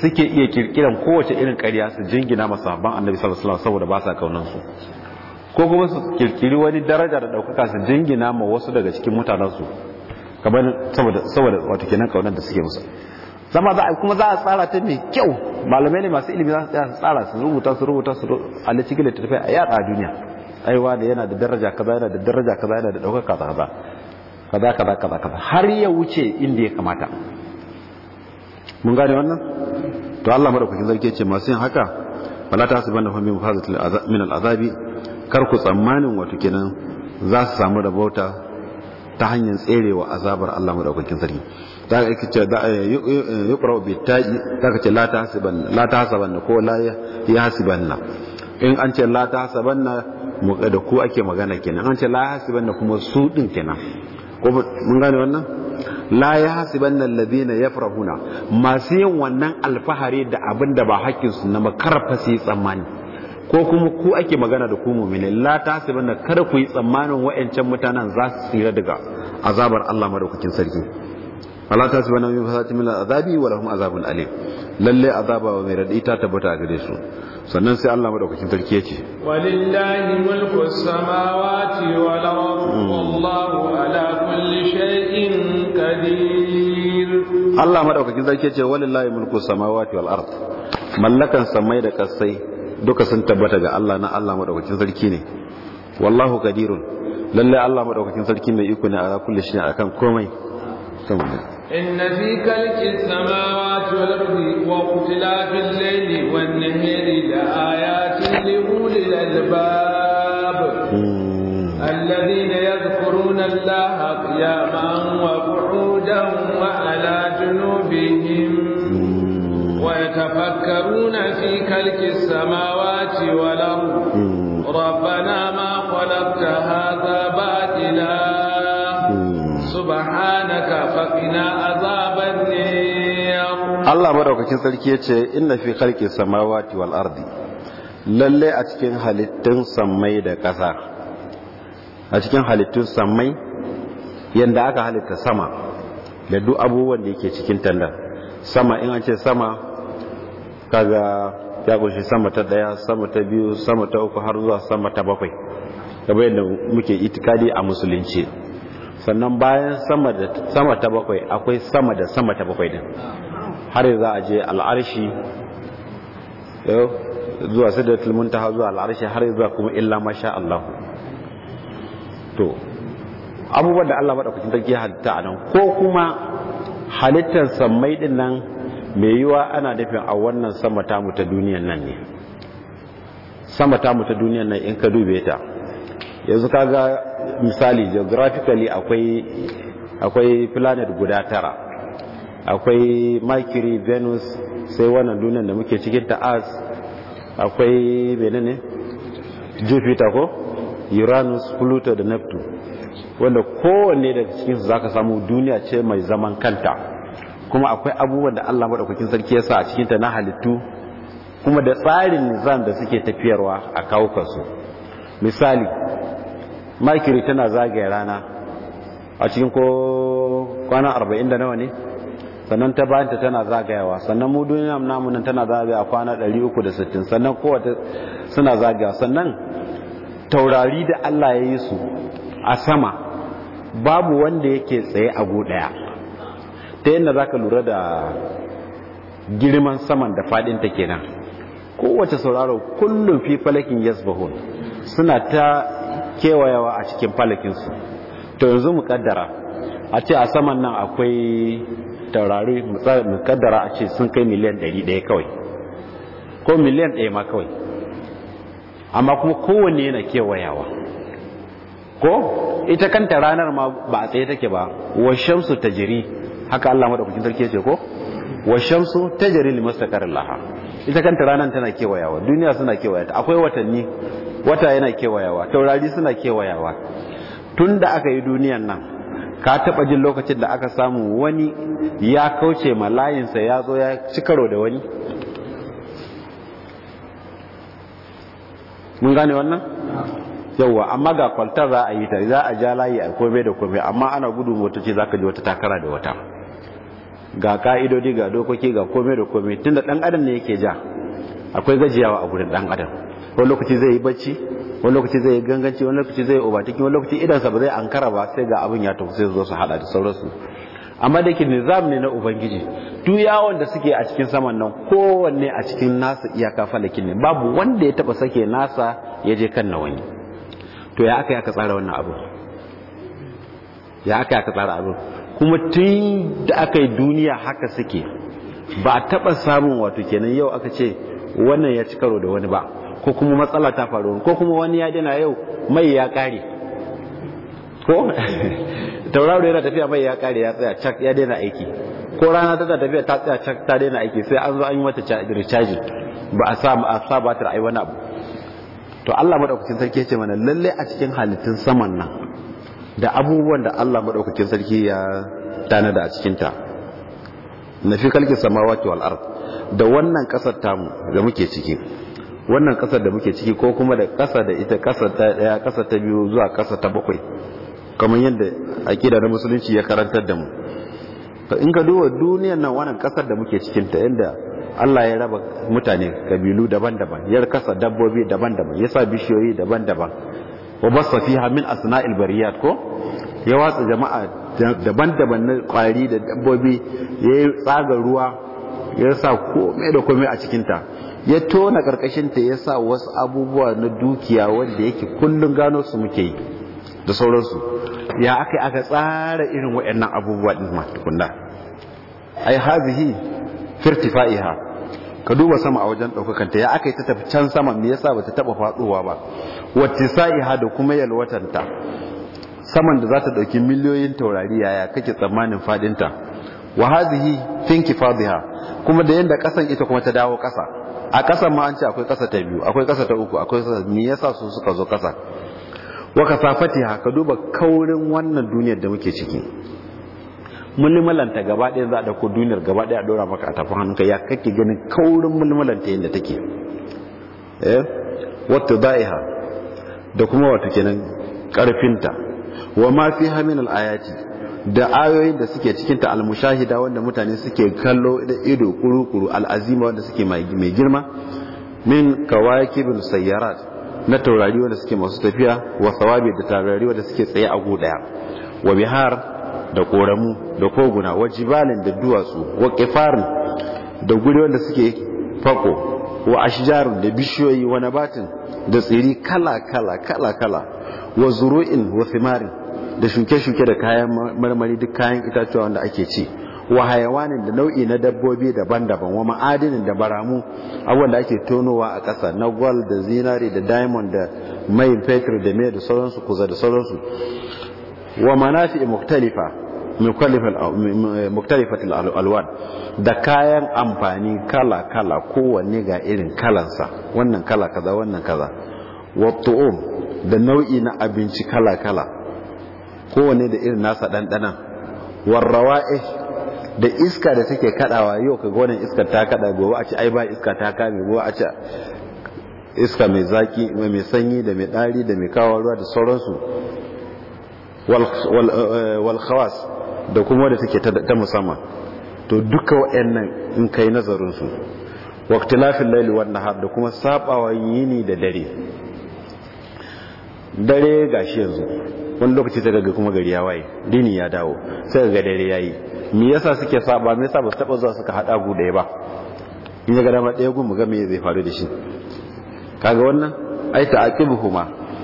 suke iya kirkiran kowace irin ƙarya su jingina ban annabi sallallahu alaihi wasallam saboda ba sa kaunan su ko kuma su kirkiri wani daraja da daukaka su jingina ma wasu daga cikin mutanensu kamar saboda wato kenan kaunar da suke musu zama za kuma za a tsara ta mai kyau malamai ne masu ilimi za su tsaya su tsara su rubuta su rubuta su a cikin littattafai a yada duniya aiwa da yana da daraja kaza yana da daraja kaza yana da daukaka kaza kaza kaza kaza kaza har ya wuce inda ya kamata mun gane wannan to Allah madaukakin sarki ce masu yin haka Bala ta hasbanna hum min fazatil min al azabi kar ku tsammanin wato kenan za su samu rabauta ta hanyar tserewa azabar Allah madaukakin sarki ta ka ce da yuqra bi ta'i ta ka ce la tahsiban la tahsabanna ko la yahsibanna in an ce la tahsabanna da ku ake magana kenan an ce la yahsibanna kuma su din kenan ko mun gane wannan la yahsibanna alladhina yafrahuna masu yin wannan alfahari da abinda da ba hakkin su na makarfa sai yi tsammani ko kuma ku ake magana da ku mu'mini la tasibanna kada ku yi tsammanin wa'ancan mutanen za su tsira daga azabar Allah madaukakin sarki Allah ta subhanahu min fasati min azabi wa lahum azabun alim lalle azaba wa mai radi ta tabbata a gare su sannan sai Allah madaukakin sarki ce. walillahi mulku samawati wal ardi hmm. wallahu ala kulli shay'in qadir Allah madaukakin sarki yace walillahi mulku samawati wal ardi mallakan samai da kasai duka sun tabbata ga Allah na Allah madaukakin sarki ne wallahu qadirun lalle Allah madaukakin sarki mai iko ne a kullu shi akan komai إن في خلق السماوات والأرض واختلاف الليل والنهار لآيات لأولي الألباب الذين يذكرون الله قياما وقعودا يتفكرون في كلك السماوات والأرض ربنا ما خلقت هذا باطلا سبحانك فقنا عذاب النير الله مدوكاكين سركي yace inna fi khalqis samawati wal ardi lalle a cikin halittun sammai da ƙasa a cikin halittun sammai yadda aka halitta sama da duk abubuwan da yake cikin tandar sama in an ce sama kaga ya kunshi sama ta daya sama ta biyu sama ta uku har zuwa sama ta bakwai kaba yadda muke itikadi a musulunci sannan bayan sama ta bakwai akwai sama da sama ta bakwai din har za a je al'arshi zuwa sidratul muntaha zuwa al'arshi har zuwa kuma illa masha Allah to abubuwan da Allah ta ke halitta a nan ko kuma halittar samai din nan mai yiwa ana nufin a wannan sama tamu ta duniyan nan ne sama tamu ta duniyan nan in ka dube ta yanzu kaga misali geographically akwai akwai planet guda tara akwai makiri venus sai wannan duniyan da muke cikin ta earth akwai menene jupiter ko uranus pluto da neptune wanda kowanne daga cikinsu za ka samu duniya ce mai zaman kanta kuma akwai abubuwan da Allah madaukakin sarki ya sa a cikin ta na halittu kuma da tsarin nizam da suke tafiyarwa a kawukansu misali makiri tana zagaya rana a cikin ko kwana arba'in da nawa ne sannan ta bayanta tana zagayawa sannan mu duniya nan tana zagaya a kwana 360 sannan kowace suna zagaya sannan taurari da Allah ya yi su a sama babu wanda yake tsaye a go daya ta yadda za ka lura da girman saman da fadinta kenan kowace sauraro kullum fi falakin yasbahun suna ta kewayawa a cikin falakinsu to yanzu mu kaddara a ce a saman nan akwai taurari mu kaddara a ce sun kai miliyan 100 kawai ko miliyan 1 ma kawai amma kuma kowanne yana kewayawa ko ita kanta ranar ma ba a tsaye take ba wa shamsu tajiri haka Allah madaukakin sarki ya ce ko wa shamsu tajri li mustaqarrin laha ita kanta ranan tana kewayawa duniya suna kewayata akwai watanni wata yana kewayawa taurari suna kewayawa tunda aka yi duniyan nan ka taba jin lokacin da aka samu wani ya kauce ma layinsa ya zo ya ci da wani mun gane wannan yauwa amma ga kwaltar za a yi ta za a ja layi a kome da kome amma ana gudu motoci za ka ji wata takara da wata ga ka'idodi ga dokoki ga komai da komai da dan adam ne yake ja akwai gajiyawa a gurin dan adam wani lokaci zai yi bacci wani lokaci zai yi ganganci wani lokaci zai yi obatiki wani lokaci idansa ba zai ankara ba sai ga abin ya tafi sai zo su hada da sauransu amma da ke nizam ne na ubangiji duk yawon da suke a cikin saman nan kowanne a cikin nasa iyaka falakin ne babu wanda ya taba sake nasa ya je kan na wani to ya aka yi aka tsara wannan abu ya aka aka tsara abin kuma tun da aka yi duniya haka suke ba a taɓa samun wato kenan yau aka ce wannan ya ci karo da wani ba ko kuma matsala ta faru ko kuma wani ya dina yau mai ya ƙare ko tauraro yana tafiya mai ya ƙare ya tsaya cak ya daina aiki ko rana ta tafiya ta tsaya cak ta daina aiki sai an zo an yi mata recharging ba a sa a sa ba ta ai wani abu to Allah madaukakin sarki ya ce mana lalle a cikin halittun saman nan da abubuwan da Allah maɗaukakin sarki ya tanada a cikinta na fi kalkin samawati wal ard da wannan ƙasar tamu da muke ciki wannan ƙasar da muke ciki ko kuma da ƙasa da ita ƙasar ta ɗaya ƙasar ta biyu zuwa ƙasar ta bakwai kamar yadda aƙida na musulunci ya karantar da mu to in ka duba duniyar nan wannan ƙasar da muke ta yadda Allah ya raba mutane kabilu daban-daban ya kasa dabbobi daban-daban ya sa bishiyoyi daban-daban wa basa fiha min asna'il bariyat ko ya watsa jama'a daban-daban na kwari da dabbobi ya yi tsagar ruwa ya sa komai da komai a cikinta ya tona karkashinta ya sa wasu abubuwa na dukiya wanda yake kullum gano su muke yi da sauransu ya aka aka tsara irin waɗannan abubuwa ɗin ma tukunna ai hazihi firtifa'iha ka duba sama a wajen ɗaukakan ta ya aka yi ta tafi can sama me yasa ba ta taɓa faɗowa ba wacce sa'iha da kuma yalwatanta saman da za ta ɗauki miliyoyin taurari yaya kake tsammanin faɗinta wa hadhihi finki fadhiha kuma da yanda ƙasan ita kuma ta dawo ƙasa a ƙasan ma an ce akwai ƙasa ta biyu akwai ƙasa ta uku akwai ƙasa me yasa su suka zo ƙasa wa kasafatiha ka duba kaurin wannan duniyar da muke ciki mulmulanta gaba ɗaya za a ɗauko duniyar gaba ɗaya a ɗora maka a tafi hannunka ya kake ganin kaurin mulmulanta yadda take eh wata da'iha da kuma wata kenan ƙarfinta wa ma fi hamin al'ayati da ayoyin da suke cikin ta almushahida wanda mutane suke kallo da ido kuru-kuru al'azima wanda suke mai girma min kawakibin sayyarat na taurari wanda suke masu tafiya wa sawabi da taurari wanda suke tsaye a gudaya wa bihar da koramu da koguna wa jibalin da duwatsu wa kifarin da guri wanda suke fako wa ashjarun da bishiyoyi wa nabatin da tsiri kala kala kala kala wa zuru'in wa thimarin da shuke-shuke da kayan marmari duk kayan itatuwa wanda ake ci wa hayawanin da nau'i na dabbobi daban-daban wa ma'adinin da baramu abubuwan da ake tonowa a ƙasa na gwal da zinari da diamond da mai fetur da mai da sauransu kuza da sauransu wa manafi'i muktalifa muktalifatil alwan da kayan amfani kala-kala kowanne ga irin kalansa wannan kala kaza wannan kaza wattu'um da nau'i na abinci kala-kala kowanne da irin nasa ɗanɗanan warrawa'i da iska da take kadawa yau ka wannan iska ta kada gobe a ci ai ba iska ta kame gobe a ci iska mai zaki mai sanyi da mai ɗari da mai kawo ruwa da sauransu wal eh, khawas da kuma wadda suke ta musamman to duka wa'annan in kai nazarinsu lafin laili wannan har da kuma sabawa yini da dare dare ga shi yanzu wani lokaci ta daga kuma gari ya waye dini ya dawo sai ga dare ya yi me yasa suke saba me yasa ba su taba zuwa suka hada gu ya ba in ya ga dama daya gun mu ga me zai faru da shi kaga wannan ai ta ta'aqibuhuma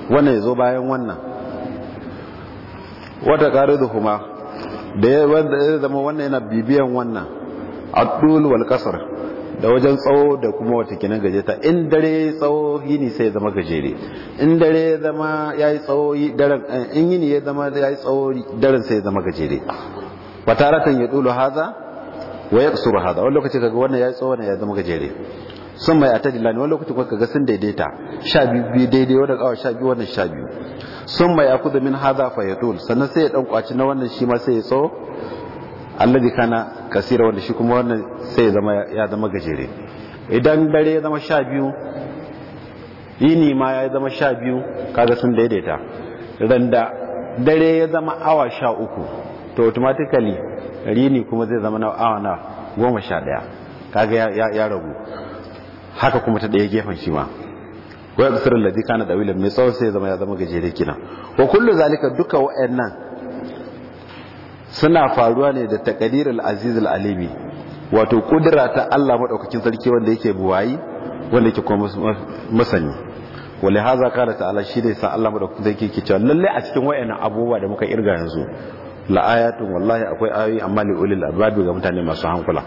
wannan ya zo bayan wannan wata huma. da ya zama wannan yana bibiyan wannan Abdul wal kasar da wajen tsawo da kuma wata kinan gajeta in dare tsawo yini sai ya zama gajere in dare ya zama ya yi tsawo daren eh, in yini ya zama ya yi tsawo daren sai ya zama gajere ba taratan ya dulu haza wa ya kusuru haza wani lokaci kaga wannan ya yi tsawo wannan ya zama gajere sun mai atadila ne wani lokaci kuka kaga sun daidaita sha biyu daidai wani awa sha biyu wannan sha biyu sun mai akudu min haza fayadul sannan sai ya dan kwaci na wannan shi ma sai ya tso alladi kana kasira wanda shi kuma wannan sai ya zama gajere idan dare ya zama sha biyu yini ma ya zama sha biyu kaga sun daidaita randa dare ya zama awa sha uku to automatically rini kuma zai zama na awa na goma sha ɗaya kaga ya ragu haka kuma ta daya gefen shi ma wa yaksir alladhi kana dawilan mai tsawon sai zama ya zama gajere kina wa kullu zalika duka wa'annan suna faruwa ne da taqdirul aziz al alimi wato kudura ta Allah madaukakin sarki wanda yake buwayi wanda yake kuma masani wala haza kana ta'ala shi dai sa Allah madaukakin sarki yake cewa lalle a cikin wa'annan abubuwa da muka irga yanzu la ayatun wallahi akwai ayoyi amma li ulil albab ga mutane masu hankula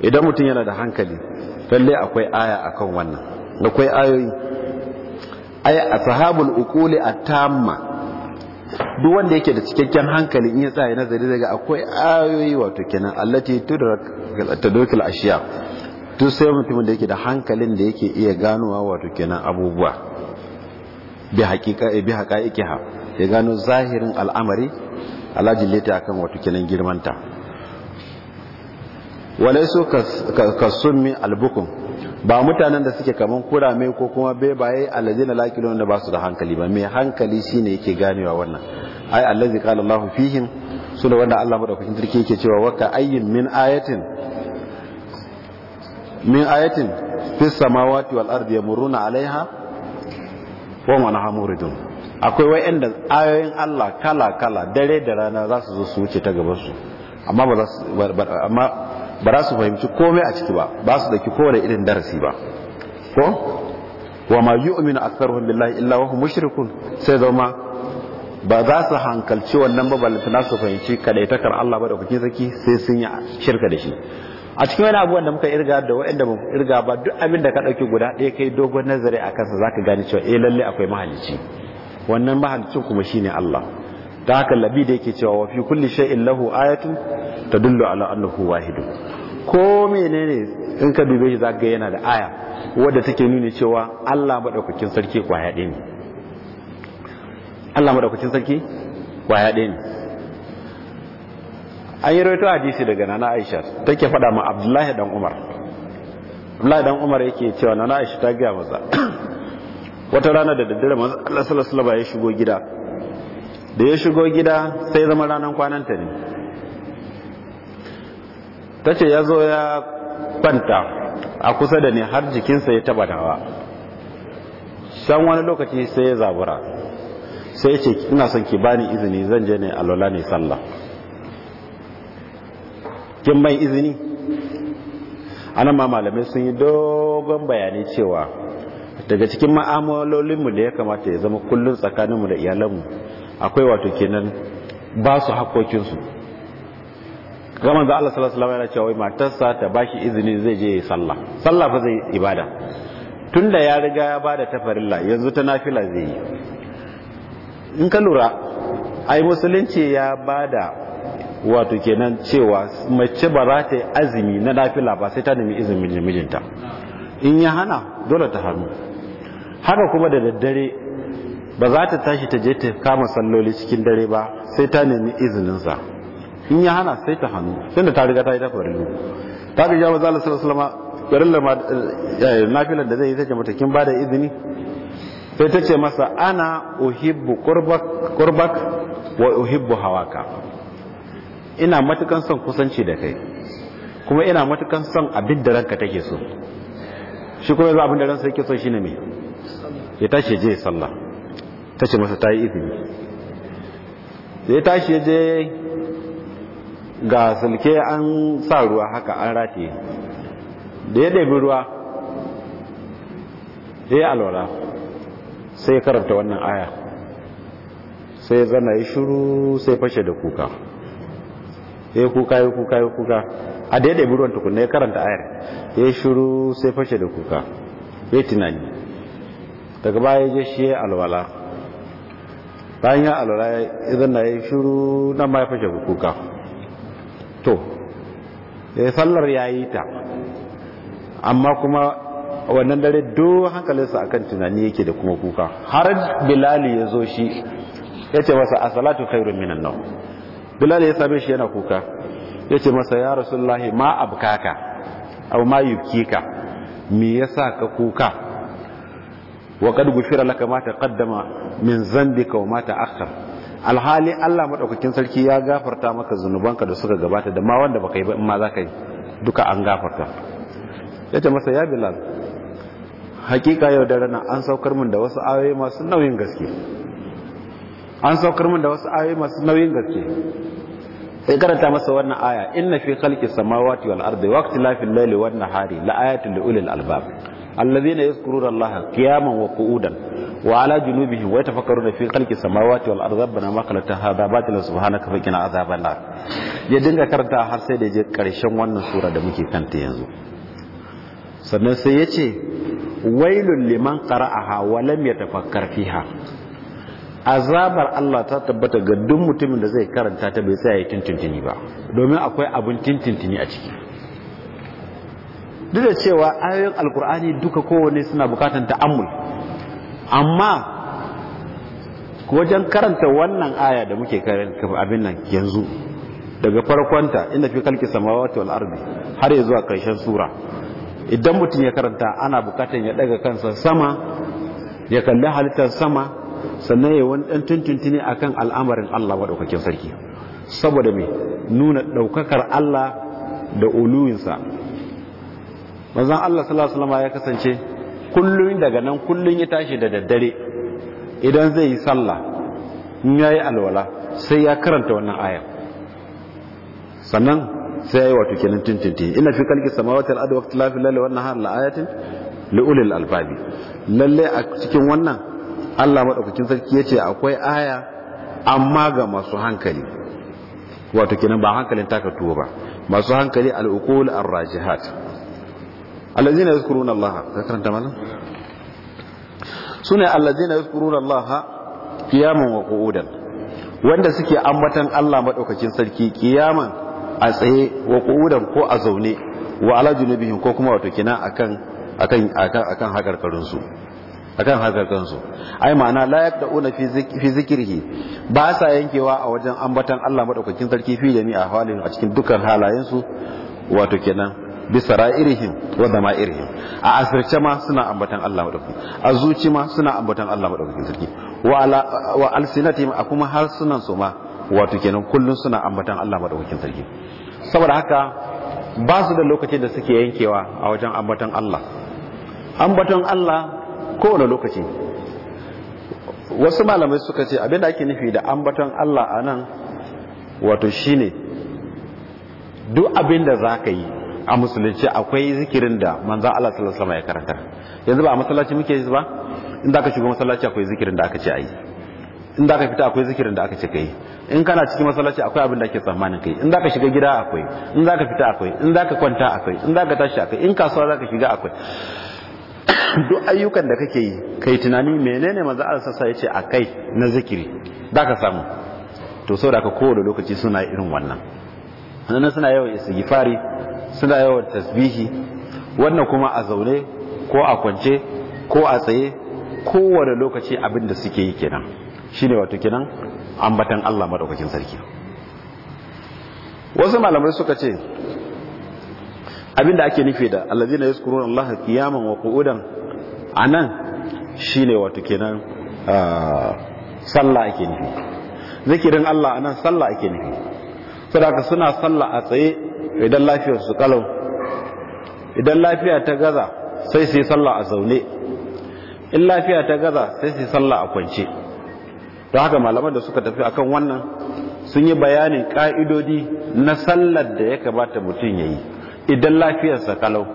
idan mutum yana da hankali lalle akwai aya akan wannan da kwai ayoyi ay ashabul uquli atamma duk wanda yake da cikakken hankali in ya tsaya nazari daga akwai ayoyi wato kenan allati tudrak tadukul ashiya to sai mutumin da yake da hankalin da yake iya ganowa wato kenan abubuwa bi haqiqa bi haqa'iqiha ya gano zahirin al'amari lati akan wato kenan girmanta walaysu kasummi albukun ba mutanen da suke kaman kurame ko kuma bebaye allazi na laƙilo da ba su da hankali ba mai hankali shi ne yake ganewa wannan ai allazi qala Allahu fihim su da wanda Allah madaukakin turki yake cewa waka ayyin min ayatin min ayatin fis samawati wal ardi yamuruna alaiha wa ma nahum muridun akwai wayanda ayoyin Allah kala kala dare da rana za su zo su wuce ta gaban su amma ba za amma ba za su fahimci komai a ciki ba ba su daki kowane irin darasi ba ko wa ma yu'minu aktharuhum billahi illa wa hum mushrikun sai zama ba za su hankalci wannan ba na su fahimci kadaitakar Allah ba da kuke saki sai sun yi shirka da shi a cikin wani abubuwan da muka irga da waɗanda ba irga ba duk abin da ka ɗauki guda ɗaya kai dogon nazari a kansa za ka gane cewa eh lalle akwai mahalicci wannan mahalicin kuma shi ne Allah ta haka labi da yake cewa wa fi kulli shay'in lahu ayatun tadullu ala annahu wahidu ko menene in ka dube shi zaka yana da aya wadda take nuni cewa Allah madaukakin sarki kwaya ɗaya ne Allah madaukakin sarki kwaya ɗaya ne an yi rawaito hadisi daga nana Aisha take faɗa ma Abdullahi dan Umar Abdullahi dan Umar yake cewa nana Aisha ta gaya masa wata rana da daddare manzo Allah sallallahu alaihi wasallam ya shigo gida da ya shigo gida sai zama ranar kwananta ne ta ce ya zo ya kwanta a kusa da ni har jikinsa ya taba nawa san wani lokaci sai ya zabura sai ya ce ina son ki bani izini zan je ne lola ne sallah kin mai izini anan ma malamai sun yi dogon bayani cewa daga cikin ma'amalolinmu da ya kamata ya zama kullum tsakaninmu da iyalanmu akwai wato kenan ba su haƙoƙinsu Gaman manzo Allah sallallahu alaihi wasallam ya cewa matarsa ta bashi izini zai je sallah sallah fa zai ibada tunda ya riga ya bada ta farilla yanzu ta nafila zai yi in ka lura ai musulunci ya bada wato kenan cewa mace ba za ta yi azumi na nafila ba sai ta nemi izinin mijinta in ya hana dole ta hannu haka kuma da daddare ba za ta tashi ta je ta kama salloli cikin dare ba sai ta nemi izininsa in ya hana sai ta hannu sai da ta riga ta yi dafa rillo ta ga jawo zala sallama na nafilar da zai yi ta ce mata kin ba da izini sai ta ce masa ana uhibbu kurbak wa uhibbu hawaka ina matukan son kusanci da kai kuma ina matukan son abin da ranka take so shi kuma yanzu abin da ransa yake so shine me ya tashi je sallah ta ce masa ta yi izini ya tashi je ga sulke an sa ruwa haka an rataye da ya ɗabi ruwa ya alwara alwala sai karanta wannan aya sai zana yi shuru sai fashe da kuka ya kuka ya kuka ya kuka a da ya ɗabi ruwan tukunna ya karanta ayar ya shuru sai fashe da kuka ya tunani daga baya ya shi ya alwala bayan ya alwala ya zana ya shuru nan ma ya fashe da kuka to eh, sallar ya yi ta amma kuma wannan dare do hankalinsa akan tunani yake da kuma kuka har bilali ya zo shi ya ce masa a salatu khairun minan nau bilali ya same shi yana kuka ya ce masa ya rasu lahi ma abkaka abu ma ka, me sa ka kuka wa qad gufira laka ma taqaddama min zambika wa ma ta'akhkhara alhali Allah madaukakin sarki ya gafarta maka zunubanka da suka gabata da ma wanda baka yi ba in ma ka yi duka an gafarta yace masa ya bilal hakika yau da rana an saukar mun da wasu ayoyi masu nauyin gaske an saukar mun da wasu ayoyi masu nauyin gaske sai karanta masa wannan aya inna fi khalqi samawati wal ardi wa ikhtilafil layli wan nahari la ayatin li ulil albab alladhina yazkuruna allaha qiyaman wa qu'udan wa ala junubihim wa yatafakkaruna fi khalqis samawati wal ardi rabbana ma khalaqta hadha batila subhanaka faqina azaban nar ya dinga karanta har sai da je karshen wannan sura da muke kanta yanzu sannan sai yace wailul liman qara'aha wa lam yatafakkar fiha azabar Allah ta tabbata ga duk mutumin da zai karanta ta bai tsaya ya tintintini ba domin akwai abin tintintini a ciki duk da cewa ayoyin alkur'ani duka kowane suna bukatan ta'ammul amma wajen karanta wannan aya da muke karanta abin nan yanzu daga farkonta inda fi kalki samawati wal ardi har zuwa karshen sura idan mutum ya karanta ana bukatan ya daga kansa sama ya kalli halittar sama sannan ya wani dan tuntuntuni akan al'amarin Allah madaukakin sarki saboda mai nuna ɗaukakar Allah da uluwinsa manzon Allah sallallahu alaihi wasallam ya kasance kullum daga nan kullum ya tashi da daddare idan zai yi sallah in yayi alwala sai ya karanta wannan aya sannan sai yayi wato kenan tintinti ina fi kalki samawati al-ardi wa ikhtilafi al-layli wan nahar la ayatin li ulil albabi lalle a cikin wannan Allah madaukakin sarki yace akwai aya amma ga masu hankali wato kenan ba hankalin taka tuwo ba masu hankali al-uqul ar-rajihat allazina yazkuruna Allah ka karanta mana sune allazina yazkuruna Allah qiyaman wa qu'udan wanda suke ambatan Allah madaukakin sarki qiyaman a tsaye wa qu'udan ko a zaune wa ala junubihim ko kuma wato kina akan akan akan akan hakarkarin su akan hakarkarin su ai ma'ana la yaqdauna fi zikrihi ba sa yankewa a wajen ambatan Allah madaukakin sarki fi jami'a halin a cikin dukkan halayen su wato kenan Bisa ra'irihim, wa dama'irihim a asirce ma suna ambatan Allah madaukakin a zuci ma suna ambatan Allah madaukakin sarki wa alsinatihim a kuma harsunan su ma wato kenan kullun suna ambatan Allah madaukakin sarki saboda haka ba su da lokacin da suke yankewa a wajen ambatan Allah ambatan Allah kowane lokaci wasu malamai suka ce abinda ake nufi da ambaton Allah a nan wato shine duk abinda za ka yi a musulunci akwai zikirin da manza Allah sallallahu alaihi wasallam ya karanta yanzu ba a masallaci muke yi ba in da ka shiga masallaci akwai zikirin da aka ce ayi in da ka fita akwai zikirin da aka ce kai in kana cikin masallaci akwai abin da ake tsammanin kai in da ka shiga gida akwai in ka fita akwai in ka kwanta akwai in ka tashi akwai in kasuwa za ka shiga akwai duk ayyukan da kake yi kai tunani menene manza Allah wasallam ya ce akai na zikiri da ka samu to saboda ka kowane lokaci suna irin wannan sannan suna yawan istighfari suna yawan tasbihi wannan kuma a zaune ko a kwance ko a tsaye kowane lokaci abin da suke yi kenan shine wato kenan ambatan Allah madaukakin sarki wasu malamai suka ce abinda ake nufi da allazina yaskuruna Allah qiyaman wa qu'udan anan shine wato kenan sallah ake nufi zikirin Allah anan sallah ake nufi saboda suna sallah a tsaye idan lafiyar su kalau idan lafiya ta gaza sai su yi sallah a zaune in lafiya ta gaza sai su yi sallah a kwance don haka malaman da suka tafi akan wannan sun yi bayanin ka'idodi na sallar da ya kamata mutum ya yi idan lafiyar sa kalau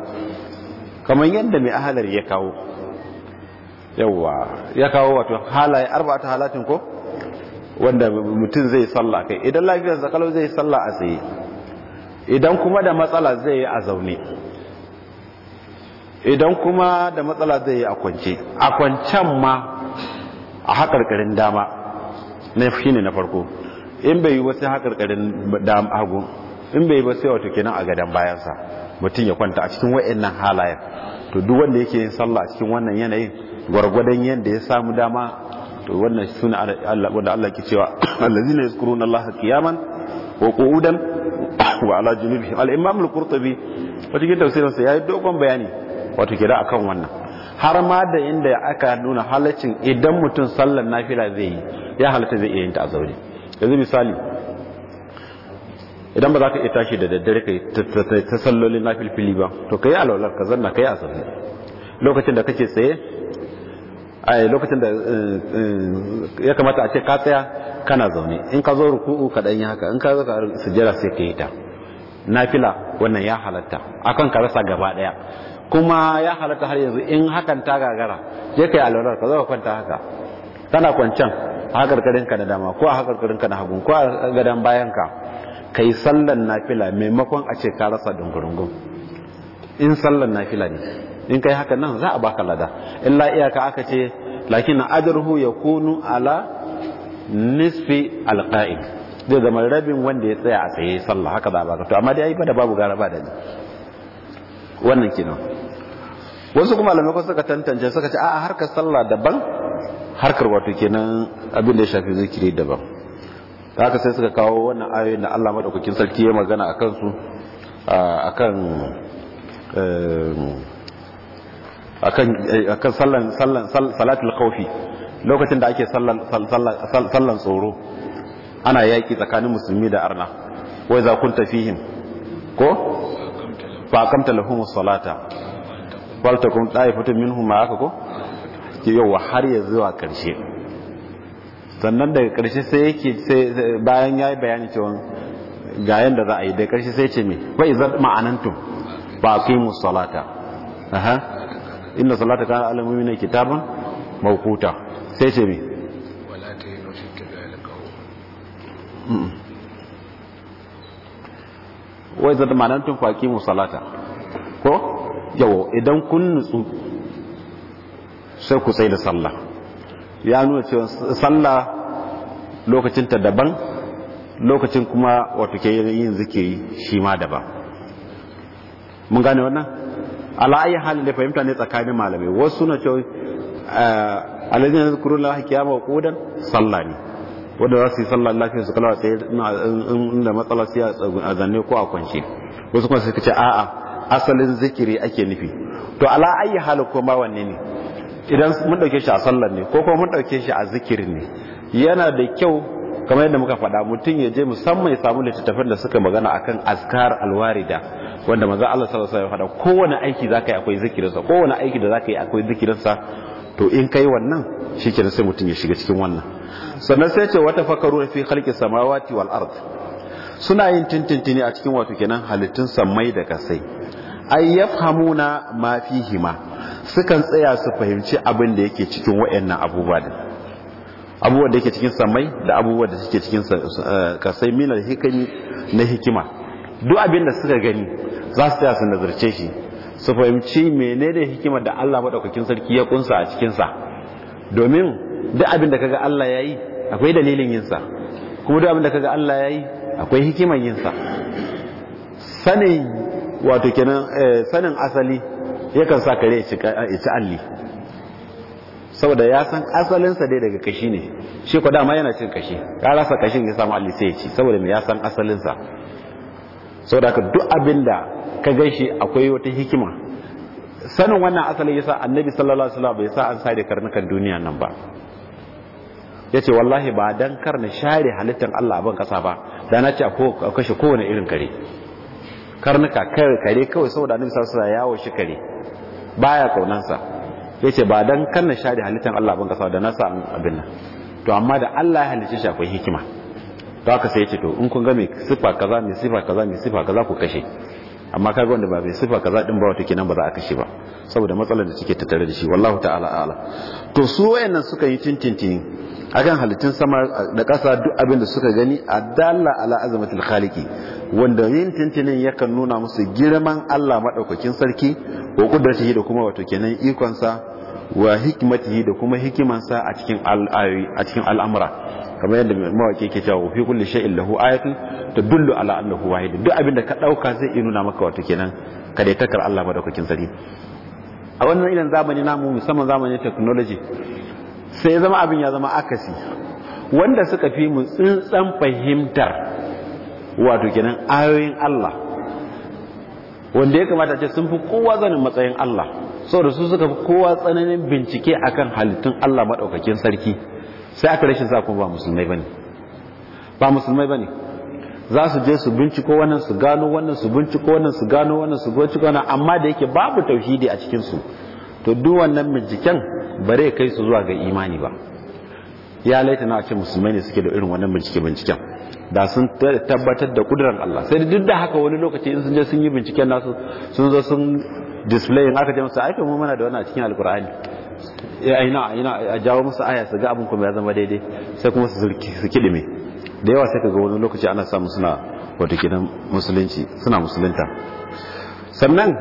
kamar yadda mai ahalar ya kawo yawwa ya kawo wato halaye ta halatin ko wanda mutum zai salla kai idan sa kalau zai salla a tsaye idan kuma da matsala zai yi a zaune idan kuma da matsala zai yi a kwance a kwancen ma a haƙarƙarin dama na fi ne na farko in bai yi wasu haƙarƙarin hagu in bai yi wasu yawa kenan a gadon bayansa mutum ya kwanta a cikin wa'annan halayen to duk wanda yake yin sallah a cikin wannan yanayin gwargwadon yadda ya samu dama to wannan suna wanda Allah ke cewa allazina yazkuruna Allah qiyaman wa qu'udan wa ala junubi al-imam al-qurtubi wato ke tafsirin sa yayi dogon bayani wato kira akan wannan har ma da inda aka nuna halaccin idan mutum sallar nafila zai yi ya halatta zai iya yin ta a zaure yanzu misali idan ba za ka iya tashi da daddare ka ta sallolin na fili ba to ka yi alwalar ka zanna ka yi a lokacin da kake tsaye a lokacin da eh, eh, ya kamata a ce ka tsaya kana zaune in ka zo ruku'u ka dan haka in ka zo ka sujjara sai ka yi ta nafila wannan ya halatta akan ka rasa gaba daya kuma ya halatta har yanzu in hakan ta gagara je kai alwalar ka zo ka kwanta haka kana kwancan a hakarkarin ka na dama ko a hakarkarin ka na hagu ko a gadan bayan ka kai sallan nafila maimakon a ce ka rasa dungurungun in sallan nafila ne in kai haka nan za a baka lada illa iyaka aka ce lakin ajruhu yakunu ala nisfi alqa'id zai zama rabin wanda ya tsaya a tsaye sallah haka za a baka to amma dai ai da babu gara ba da ni wannan kenan wasu kuma malamai suka tantance suka ce a'a harkar sallah daban harkar wato kenan abin da ya shafi zikiri daban haka sai suka kawo wannan ayoyin da Allah madaukakin sarki ya magana akan su akan Eh, akan sallan sallan salatul khawfi lokacin da ake sallan sallan tsoro ana yaki tsakanin musulmi da arna wai za kunta fihim ko fa kamta lahum salata faltakum daifatun minhum ma aka ko yauwa har ya zuwa karshe sannan daga karshe sai yake bayan ya yi bayani cewa ga yadda za a yi daga karshe sai ce me wai zan ma'anantum ba ku yi aha inna salata kana ala mu'minina kitaban mawquta sai ce me wala tayinu fi kibalil faki mu salata ko yawo idan kun nutsu sai ku sai da sallah ya nuna cewa sallah lokacinta daban lokacin kuma wato ke yin zikiri shi ma daban mun gane wannan ala ayi halin da fahimta ne tsakanin malamai wasu na cewa eh, alladhina yadhkuruna allaha kiyama wa qu'udan sallah ne wanda za su yi sallah lafiya su kalawa tsaye inda matsala sai a zanne ko a kwance wasu kuma suka ce a'a asalin zikiri ake nufi to ala ayi hal ko ma wanne ne idan mun dauke shi a sallar ne ko kuma mun dauke shi a zikirin ne yana da kyau kamar yadda muka faɗa mutum ya je musamman ya samu littattafan da suka magana akan askar alwarida wanda maza Allah sallallahu alaihi wasallam ya faɗa kowane aiki zaka yi akwai zikirin sa kowane aiki da zaka yi akwai zikirin to in kai wannan shikenan sai mutum ya shiga cikin wannan sannan sai ce wata fakaru fi khalqi samawati wal ard suna yin tintintini a cikin wato kenan halittun samai da kasai ay yafhamuna ma fihima sukan tsaya su fahimci abin da yake cikin wayannan abubuwa abubuwan da yake cikin samai da abubuwan da suke cikin kasai minar hikami na hikima duk abin da suka gani za su yasa su nazarce shi su fahimci menene hikimar da Allah madaukakin sarki ya kunsa a cikin sa domin duk abin da kaga Allah yayi akwai dalilin yin sa kuma duk abin da kaga Allah yayi akwai hikimar yin sa sanin wato kenan eh, sanin asali yakan sa kare ya ci alli saboda ya san asalinsa dai daga kashi ne shi ko dama yana cin kashi rasa kashin ya samu alli sai ya ci saboda mai ya san asalinsa saboda ka duk abin da ka gan shi akwai wata hikima sanin wannan asalin yasa annabi sallallahu alaihi wasallam bai sa an sare karnukan duniya nan ba yace wallahi ba dan kar na share halittar Allah abin kasa ba da na ce a kashe kowane irin kare karnuka kare kawai saboda annabi sallallahu alaihi wasallam yawo shi kare baya kaunansa yace ba dan kan na share halittar Allah ban kasa da na abin nan to amma da Allah ya halicci shi akwai hikima to aka sai yace to in kun ga mai sifa kaza mai sifa kaza mai sifa kaza ku kashe amma kaga wanda ba mai sifa kaza din ba wato kenan ba za a kashe ba saboda matsalar da take tattare da shi wallahu ta'ala ala to su wayannan suka yi tintinti akan halittun sama da kasa duk abin da suka gani adalla ala azamatul khaliqi wanda yin tintinin yakan nuna musu girman Allah maɗaukakin sarki wa ƙudratihi da kuma wato kenan ikonsa wa hikmatihi da kuma hikimansa a cikin a cikin al'amura kamar yadda mawaƙi ke cewa fi kulli shay'in lahu ayatun dullu ala annahu wahid duk abin da ka dauka zai yi nuna maka wato kenan kadaitakar Allah madaukakin sarki a wannan irin zamani namu musamman zamanin technology sai zama abin ya zama akasi wanda suka fi mu tsintsan fahimtar wato kenan ayoyin Allah wanda ya kamata ce sun fi kowa zanen matsayin Allah saboda su suka fi kowa tsananin bincike akan halittun Allah maɗaukakin sarki sai aka rashin sa kuma ba musulmai bane ba musulmai bane za su je su binciko wannan su gano wannan su binciko wannan su gano wannan su binciko wannan amma da yake babu tauhidi a cikin su to duk wannan binciken bare kai su zuwa ga imani ba ya laita na ce musulmai ne suke da irin wannan bincike binciken da sun tabbatar da kudurar Allah sai duk da haka wani lokaci in sun je sun yi binciken nasu sun zo sun display in aka ce musu aikin mu muna da wannan a cikin alkur'ani eh, ina ina a jawo musu aya su ga abin kuma ya zama daidai sai kuma su zurki su kidime da yawa sai kaga wani lokaci ana samu suna wato kidan musulunci suna musulunta sannan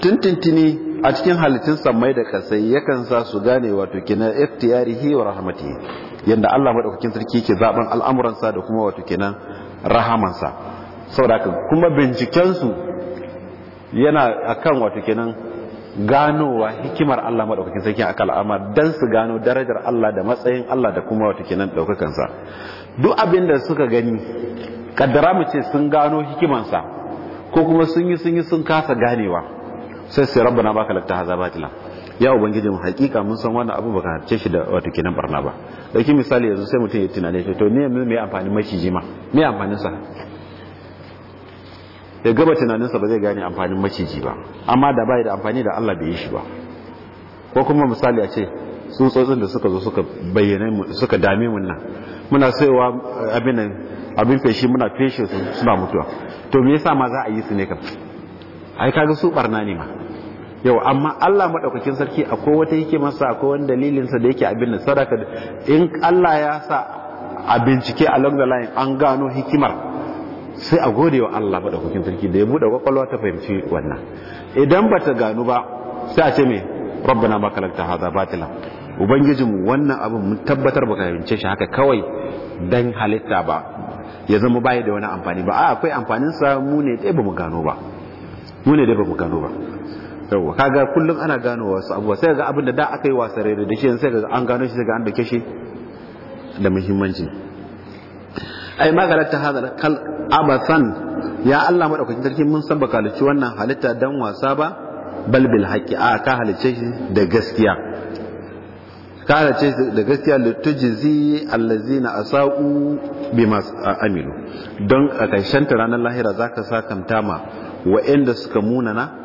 tuntuntuni a cikin halittun sammai da kasai yakan sa su gane wato kinan ikhtiyarihi wa rahmatihi yadda Allah maɗaukakin sarki ke zaben al'amuransa da kuma wato kenan rahamansa saboda kuma bincikensu yana akan wato kenan ganowa hikimar Allah maɗaukakin sarki a al'amar don su gano darajar Allah da matsayin Allah da kuma wato kenan ɗaukakansa duk abin da suka gani kaddara mu ce sun gano hikimansa ko kuma sun yi sun yi sun kasa ganewa sai sai rabbana baka lakta hazabatila ya ubangiji mu hakika mun san wannan abu baka harce shi da wato kenan barna ba dauki misali yanzu sai mutum ya tunane shi to ne mai amfani maciji ma mai amfanin sa ya gaba tunanin sa ba zai gane amfanin maciji ba amma da bai da amfani da Allah bai yi shi ba ko kuma misali a ce tsutsotsin da suka zo suka bayyana suka dame mun nan muna sayowa eh, abin nan abin feshi muna feshe su suna mutuwa to me yasa ma za a yi su ne kam ai kaga su barna ne ma yau amma Allah madaukakin sarki akwai wata yake masa akwai wani dalilin sa da yake abin da sadaka in Allah ya sa a bincike along the line an gano hikimar sai a gode wa Allah madaukakin sarki da ya buɗe kwakwalwa ta fahimci wannan idan ba ta gano ba sai a ce me rabbana ma kalakta hadha batila ubangijin wannan abin mun tabbatar baka fahimce shi haka kawai dan halitta ba ya zama bayi da wani amfani ba a akwai amfanin sa mu ne dai ba mu gano ba mu ne ba mu gano ba yawa kaga kullum ana gano wasu abuwa sai ga abin da da aka yi wasu rere da shi sai ga an gano shi sai ga an dake shi da muhimmanci ai ta hada kal abasan ya Allah madaukakin sarki mun san baka wannan halitta dan wasa ba bal bil a ka halice shi da gaskiya ka halice shi da gaskiya litujzi allazina asau bima amilu don a karshen ranar lahira zaka sakamta ma wa'anda suka munana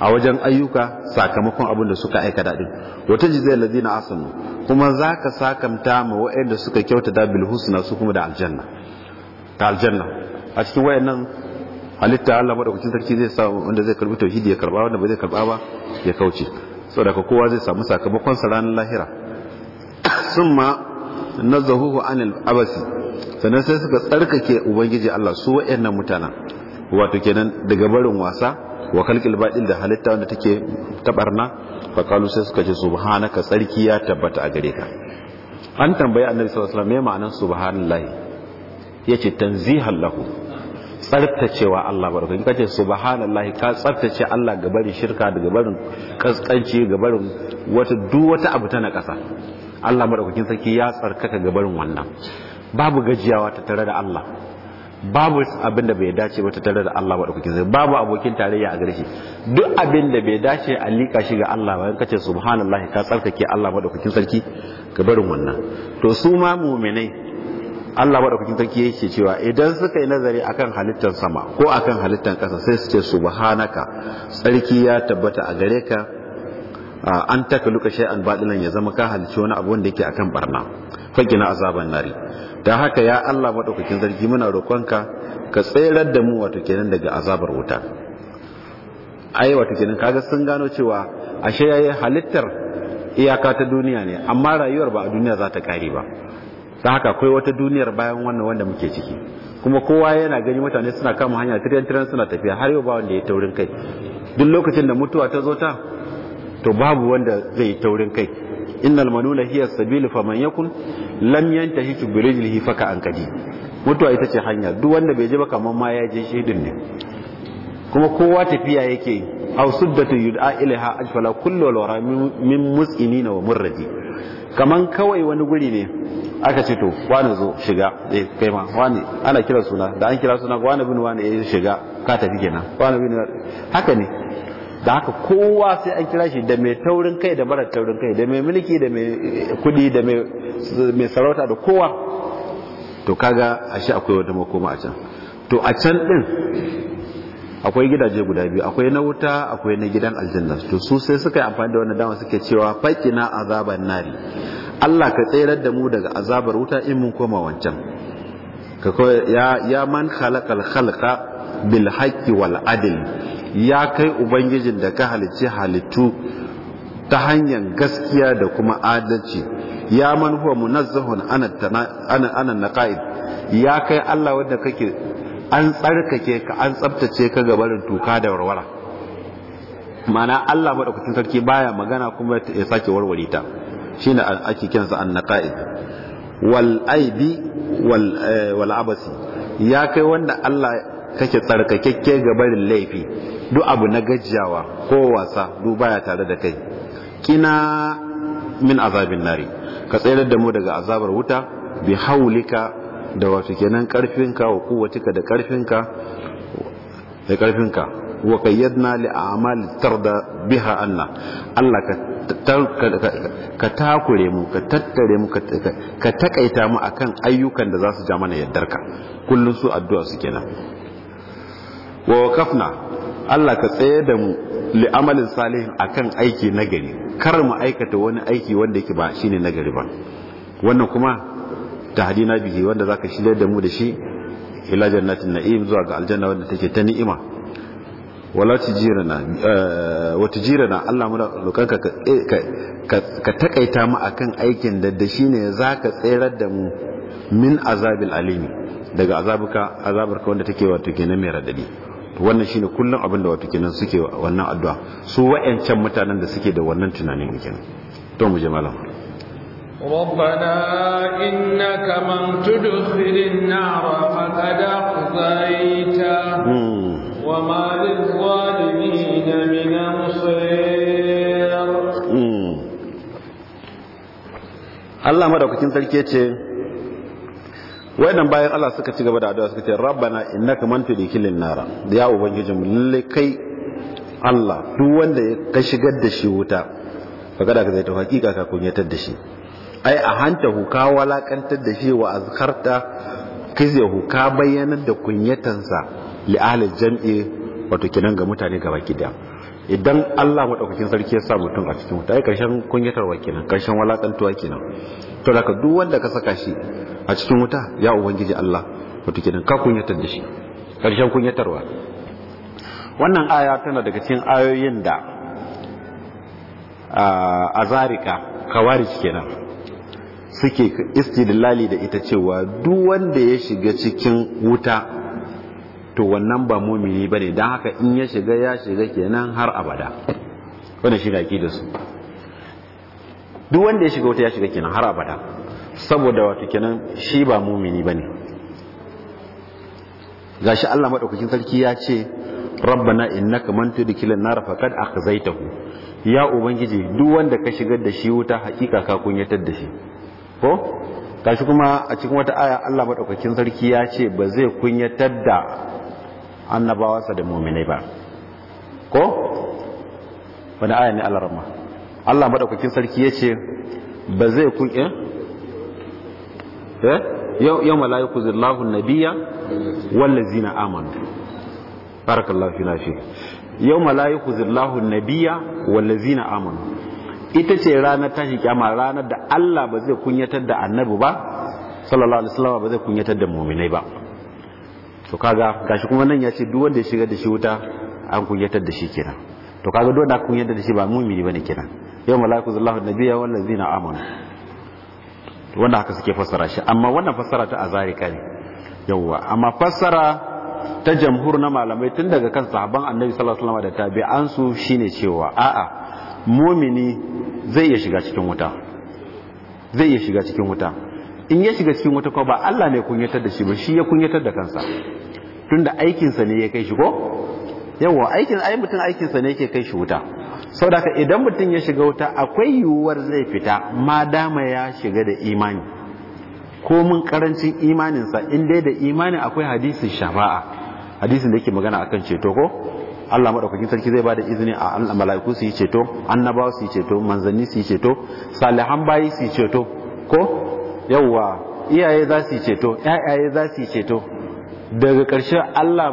a wajen ayyuka sakamakon abin da suka aika daɗin wata jizai lazina asanu kuma za ka sakamta ma waɗanda suka kyauta da bilhusna su kuma da aljanna a cikin wayannan halitta Allah madaukakin sarki zai samu wanda zai karbi tauhidi ya karba wanda ba zai karba ba ya kauce saboda ka kowa zai samu sakamakon sa ranar lahira summa nazahuhu anil abasi sannan sai suka tsarkake ubangiji Allah su wayannan mutanen wato kenan daga barin wasa wa kalkil baɗin da halitta wanda take tabarna fa kalu sai suka ce subhanaka tsarki ya tabbata a gare ka an tambayi annabi sallallahu alaihi wasallam me ma'anar subhanallahi yace tanzihan lahu tsartacewa Allah barka in ce subhanallahi ka tsartace Allah ga barin shirka ga barin kaskanci ga barin wata duk wata abu ta na kasa Allah madaukakin sarki ya tsarkaka ga barin wannan babu gajiyawa ta tare da Allah babu abin da bai dace ba tattare da Allah ba dukkan sai babu abokin tarayya a gare shi duk abin da bai dace a lika shi ga Allah ba in kace subhanallahi ka tsarkake Allah ba dukkan sarki ga barin wannan to su ma mu'minai Allah ba dukkan sarki yake cewa idan suka yi nazari akan halittar sama ko akan halittar kasa sai su ce subhanaka sarki ya tabbata a gare ka an luka shay'an badilan ya zama ka halice wani abu wanda yake akan barna fakina azaban nari dan haka ya Allah madaukakin zargi muna roƙonka ka tsayar da mu wato kenan daga azabar wuta ai wato kenan kaga sun gano cewa ashe yayi halittar iyaka ta duniya ne amma rayuwar ba a duniya za ta kare ba dan haka akwai wata duniyar bayan wannan wanda muke ciki kuma kowa yana gani mutane suna kama hanya tiren tiren suna tafiya har yau ba wanda ya taurin kai duk lokacin da mutuwa ta zo ta to babu wanda zai taurin kai innal manuna hiya sabilu faman yakun lam yantahi tu faka an kadi mutuwa ita ce hanya duk wanda bai je ba kaman ma ya je shedin ne kuma kowa tafiya yake aw suddatu yud'a ilaha ajfala kullu alwara min mus'inina wa murradi kaman kawai wani guri ne aka ce to wani zo shiga eh kai ma wani ana kira suna da an kira suna wani bin wani eh shiga ka tafi kenan wani bin haka ne da haka kowa sai an kira shi da mai taurin kai da mara taurin kai da mai mulki da mai kudi da mai sarauta da kowa to kaga ashe akwai wata makoma a can to a can din akwai gidaje guda biyu akwai na wuta akwai na gidan aljanna to su sai suka yi amfani da wannan dama suke cewa faƙina azaban nari Allah ka tsayar da mu daga azabar wuta in mun koma wancan ya ya man khalaqal khalqa bil haqqi wal adl ya kai ubangijin da ka halicci halittu ta hanyar gaskiya da kuma adalci ya man huwa ana anan ka'id. ya kai Allah wanda kake an tsarkake ka an tsabtace ka gabarin tuka da warwara mana Allah madaukakin sarki baya magana kuma ya sake warware ta shine ake kensa an naqaid wal aibi eh, wal abasi ya kai wanda Allah kake tsarkakekke gabarin laifi duk abu na gajiyawa ko wasa duk baya tare da kai kina min azabin nari ka tsayar da mu daga azabar wuta bi haulika da wafi kenan karfinka wa kuwatika da karfinka da karfinka wa kayyadna li a'mal tarda biha anna Allah ka takure mu ka tattare mu ka takaita mu akan ayyukan da za su ja mana yaddarka kullun su addu'a su kenan wa waqafna Allah ka tsaye da mu li'amalin salihin akan aiki nagari kar mu aikata wani aiki wanda yake ba shine nagari ba wannan kuma tahdina bihi wanda zaka shirya da mu da shi ila jannatin na'im zuwa ga aljanna wanda take ta ni'ima wala tijirana eh, wa tijirana Allah mu roƙan ka ka takaita mu akan aikin da da shine zaka tsayar da mu min azabil alimi daga azabuka azabarka wanda take wato kenan mai radadi wannan shine kullum abin da wato kenan suke wannan addu'a su wa'ancan mutanen da suke da wannan tunanin kenan to mu je malam ربنا إنك من تدخل النار فقد أخزيته وما للظالمين من أنصير Allah madaukakin sarki ce wayannan bayan Allah suka ci gaba da addu'a suka ce rabbana innaka man tudkhilin nara da ya mu lalle kai Allah duk wanda ka shigar da shi wuta kaga da ka zai ta hakika ka kunyatar da shi ai a hantahu ka walakantar da shi wa azkarta kizyahu huka bayyanar da kunyatansa li ahli jam'i wato kinan ga mutane gaba kidaya idan Allah madaukakin sarki ya sa mutum a cikin wuta karshen kunyatarwa kenan karshen walakantuwa kenan to da duk wanda ka saka shi a cikin wuta ya ubangiji Allah wato kenan ka kunyatar da shi karshen kunyatarwa wannan aya tana daga cikin ayoyin da a ah, zarika kawari kenan suke istidlali da ita cewa duk wanda ya shiga cikin wuta to wannan ba mumini bane dan haka in ya shiga ya shiga kenan har abada wannan shi ki da su duk wanda ya shiga wata ya shiga kenan har abada saboda wato kenan shi ba mumini bane gashi Allah madaukakin sarki ya ce rabbana innaka man tudkhilan nar faqad akhzaytahu ya ubangiji duk wanda ka shigar da shi wuta hakika ka kunyatar da shi ko gashi kuma a cikin wata aya Allah madaukakin sarki ya ce ba zai kunyatar da annabawansa da muminai ba ko wani aya ne alarma Allah maɗaukakin sarki ya ce ba zai kun in eh? eh? yau mala'iku zillahun nabiya wallazina amanu barakallahu fi nafi yau mala'iku zillahun nabiya zina amanu ita ce ranar shi kyama ranar da Allah ba zai kunyatar da annabi ba sallallahu alaihi wasallam ba zai kunyatar da muminai ba to kaga gashi kuma nan ya ce duk wanda ya shigar da shi wuta an kunyatar da shi kenan to kaga duk wanda kunyatar da shi ba mumini bane kenan yau malaiku zallahu nabiyya wal ladina amanu wannan haka suke fassara shi amma wannan fassara ta azarika ne yawwa amma fassara ta jamhur na malamai tun daga kan sahabban annabi sallallahu alaihi wasallam da tabi'an su shine cewa a'a mumini zai iya shiga cikin wuta zai iya shiga cikin wuta in ya shiga cikin wata kwaba Allah ne kunyatar da shi ba shi ya kunyatar da kansa tunda aikinsa ne ya kai shi ko yawa aikin ai mutum aikinsa ne yake kai shi wuta saboda idan mutum ya shiga wuta akwai yiwuwar zai fita ma dama ya shiga da imani ko mun karancin imaninsa in dai da imani akwai hadisin shafa'a hadisin da yake magana akan ceto ko Allah madaukakin sarki zai bada izini a mala'iku su yi ceto annabawa su yi ceto manzanni su yi ceto salihan bayi su yi ceto ko yawwa iyaye za su ceto yayaye za su ceto daga ƙarshen Allah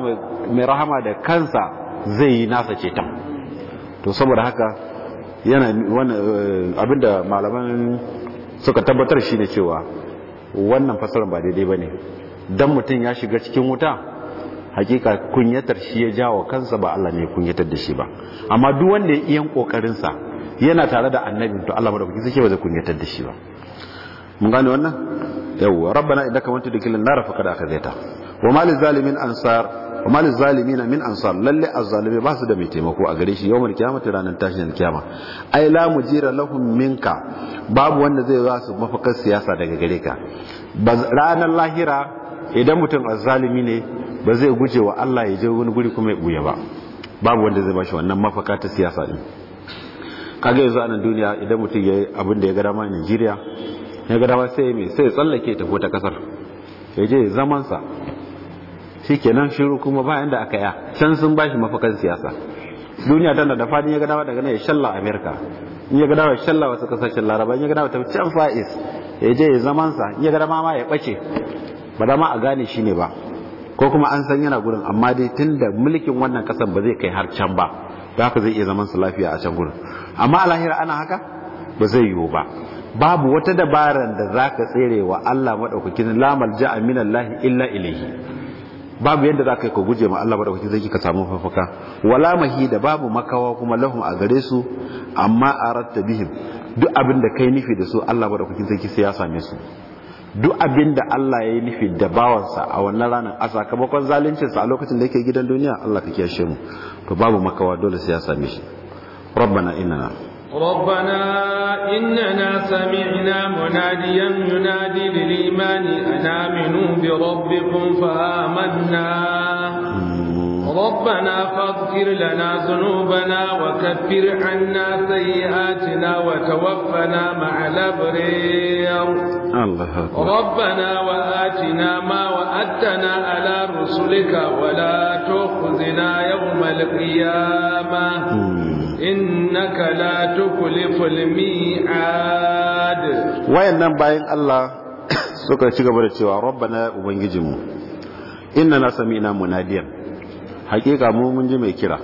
mai rahama da kansa zai yi nasa ceton to saboda haka yana eh, abinda malaman suka tabbatar shi ne cewa wannan fasaran ba daidai ba ne, don mutum ya shiga cikin wuta hakika kunyatar shi ya jawo kansa ba Allah ne kunyatar da shi ba amma duk wanda ya iyan ƙoƙarinsa yana tare da annabi to Allah madaukaki sai ba zai kunyatar da shi ba mun gane wannan yawwa rabbana idaka wanta dukilan nar fa kada akhadaita wa mal zalimin ansar wa mal zalimin min ansar lalle azzalimi ba su da mai taimako a gare shi yawmal kiyamati ranan tashin kiyama ai la mujira lahum minka babu wanda zai za su mafakar siyasa daga gare ka ranar lahira idan mutum azzalimi ne ba zai guje wa Allah ya je wani guri kuma ya buya ba babu wanda zai bashi wannan mafaka ta siyasa din kaga yanzu a nan duniya idan mutum ya abin da ya ga dama a Najeriya ya ga dama sai mai sai tsallake tafi ta kasar ya je zamansa shi kenan shiru kuma bayan da aka ya can sun bashi mafakan siyasa duniya tana da fadin ya ga dama daga nan ya shalla amerika in ya ga dama shalla wasu kasashen laraba in ya ga dama tafi can fa'is ya je zamansa in ya ga dama ma ya bace ba dama a gane shi ne ba ko kuma an san yana gurin amma dai tun da mulkin wannan kasar ba zai kai har can ba da haka zai iya zaman su lafiya a can gurin amma alahira ana haka ba zai yiwu ba babu wata dabaran da zaka tsere wa Allah lamar ja'a minan lahi illa ilaihi babu yadda zaka yi ka guje ma Allah maɗaukakin zai ka samu fafaka wala da babu makawa kuma lahun a gare su amma ratta bihim duk abin da kai nufi da su Allah maɗaukakin zai sai ya same su duk abin da Allah ya yi nufi da bawansa a wannan ranar a sakamakon zaluncinsa a lokacin da yake gidan duniya Allah ka kiyashe mu to babu makawa dole sai ya same shi rabbana inna ربنا إننا سمعنا مناديا ينادي للإيمان أن آمنوا بربكم فآمنا ربنا فاغفر لنا ذنوبنا وكفر عنا سيئاتنا وتوفنا مع الأبرير الله ربنا وآتنا ما وأتنا على رسلك ولا تخزنا يوم القيامة innaka la tukliful mi'ad wayannan bayan Allah suka ci gaba da cewa rabbana ubangijinmu innana sami'na munadiyan hakika mu mun ji mai kira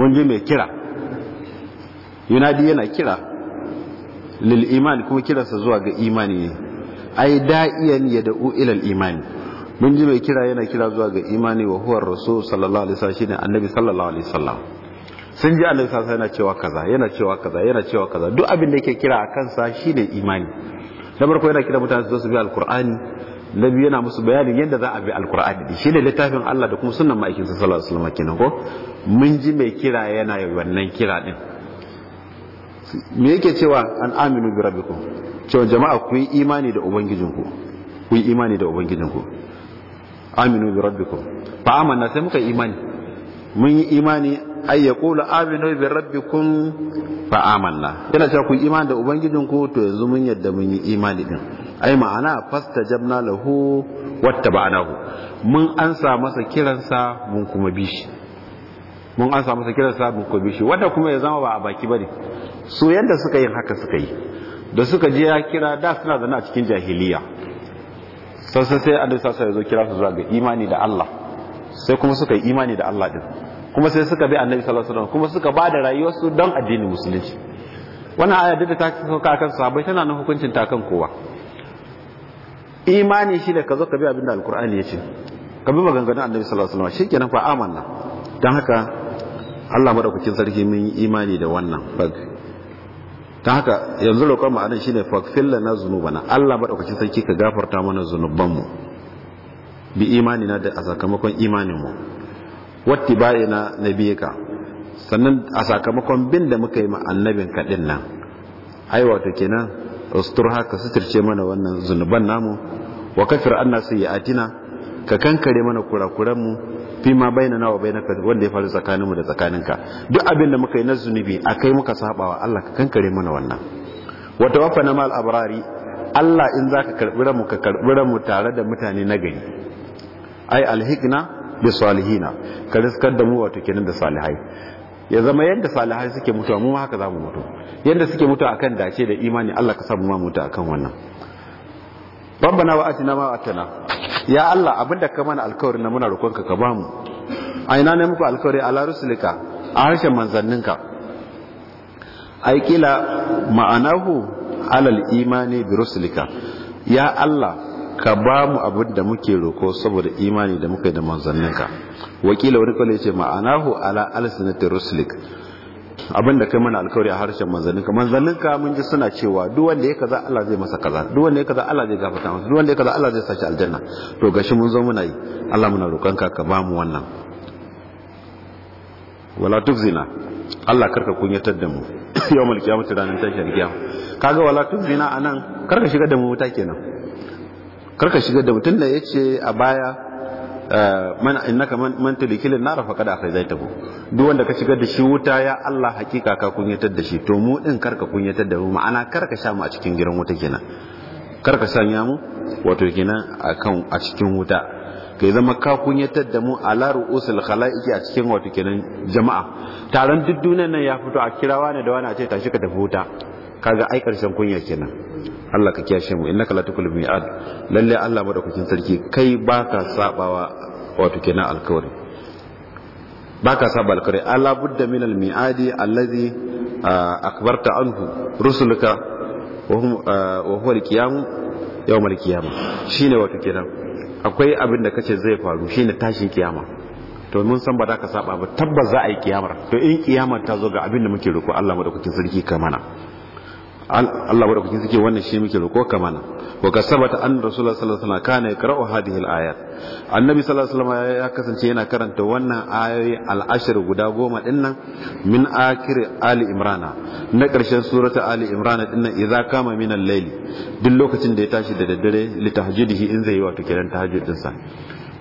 mun ji mai kira yunadi yana kira lil iman kuma sa zuwa ga imani ne ai da'iyan yad'u ila al imani mun ji mai kira yana kira zuwa ga imani wa huwa rasul sallallahu alaihi wasallam annabi sallallahu alaihi wasallam sun ji annabi sallallahu yana cewa kaza yana cewa kaza yana cewa kaza duk abin da yake kira a kansa shine imani na farko yana kira mutane su zo su bi alqur'ani na biyu yana musu bayanin yadda za a bi alqur'ani din shine littafin Allah da kuma sunnan ma'aikinsa sallallahu alaihi wasallam kenan ko mun ji mai kira yana wannan kira din me yake cewa an aminu bi rabbikum cewa jama'a ku yi imani da ubangijinku ku yi imani da ubangijinku aminu bi rabbikum fa amanna sai muka imani mun yi imani ay yaqulu aminu bi rabbikum fa amanna yana cewa ku imani da ubangijin ku to yanzu mun yadda mun yi imani din ai ma'ana fastajabna lahu wattaba'nahu mun ansa masa kiransa mun kuma bi shi mun ansa masa kiransa mun kuma bi shi wanda kuma ya zama ba a baki bane so yanda suka yi haka suka yi da suka je ya kira da suna zana a cikin jahiliya sassan sai annabi sallallahu alaihi wasallam ya zo kira su zuwa ga imani da Allah sai kuma suka yi imani da Allah din kuma sai suka bi annabi sallallahu alaihi wasallam kuma suka ba da rayuwarsu don addinin musulunci wannan aya da ta sauka akan sahabbai tana nan hukuncin ta kan kowa imani shi da ka zo ka bi abinda alkur'ani ya ce ka bi maganganun annabi sallallahu alaihi wasallam shikenan fa amanna dan haka Allah madaukakin sarki mun yi imani da wannan bag ta haka yanzu roƙon mu anan shine faghfir lana zunubana Allah madaukakin sarki ka gafarta mana zunubanmu bi imani na da a sakamakon imanin mu wattiba'i na ka sannan a sakamakon bin da muka yi ma'annabin kaɗin nan aiwata kenan rastur haka suturce mana wannan zunuban namu wa kafir a tina ka kankare mana kurakuran mu fi ma na wa ka wanda ya faru tsakaninmu da tsakaninka duk abin da muka yi na zunubi a kai muka saba wa Allah ka kankare mana wannan wafa na mal abrari Allah in za ka karɓi ramu ka karɓi ramu tare da mutane na gari ai alhikna bi salihina ka riskar da mu wato kenan da salihai ya zama yadda salihai suke mutuwa mu haka za mu mutu yadda suke mutuwa akan dace da imani Allah ka samu ma mutu akan wannan rabbana wa atina ma atana ya Allah abinda ka mana alkawari na muna roƙonka ka bamu a ina ne muku alkawari ala rusulika a harshen manzanninka ai kila ma'anahu alal imani bi rusulika ya Allah ka ba mu abin da muke roko saboda imani da muka yi da manzanninka wakila wani kwallo ya ce ma'anahu ala alisinatin ruslik abin da kai mana alkawari a harshen manzanninka manzanninka mun ji suna cewa duk da ya kaza Allah zai masa kaza duwan da ya kaza Allah zai gafata masa duwan da ya kaza Allah zai sashi aljanna to gashi mun zo muna yi Allah muna roƙonka ka ba mu wannan wala tuzina Allah karka kunyatar da mu yawmal mutu ranar tashin kiyama kaga wala tuzina anan karka shiga da mu wuta kenan karka shigar da mutum da ya ce a baya eh, man innaka man kada nara zai tabo duk wanda ka shigar da shi wuta ya Allah hakika ka kunyatar da shi to mu din karka kunyatar da mu ma'ana karka sha mu a cikin gidan wuta kenan karka sanya mu wato kenan akan a cikin wuta kai zama ka kunyatar da mu ala ru'usul khalaiqi a cikin wato kenan jama'a taron duk duniyan nan ya fito a kirawa ne da wani a ce tashi ka tafi wuta kaga ai karshen kunya kenan Allah ka kiyashe mu innaka la tukul mi'ad lalle Allah madaukakin sarki kai baka sabawa wato kenan alkawari baka saba alkawari ala budda min almi'adi allazi akbarta anhu rusuluka wa huwa alqiyam yawm alqiyama shine wato kenan akwai abin da kace zai faru shine tashin kiyama to mun san ba za ka saba ba tabbas za a yi kiyamar to in kiyamar ta zo ga abin da muke roƙo Allah madaukakin sarki ka mana Allah madaukakin suke wannan shi muke roƙo ka mana wa ka sabata an rasulullah sallallahu alaihi wasallam kana yaqra'u hadhihi al-ayat annabi sallallahu alaihi wasallam ya kasance yana karanta wannan ayoyi al-ashr guda goma din nan min akhir ali imrana na ƙarshen surata ali imrana din nan idza kama min al layl duk lokacin da ya tashi da daddare tahajjudihi in zai yi wato kiran tahajjudin sa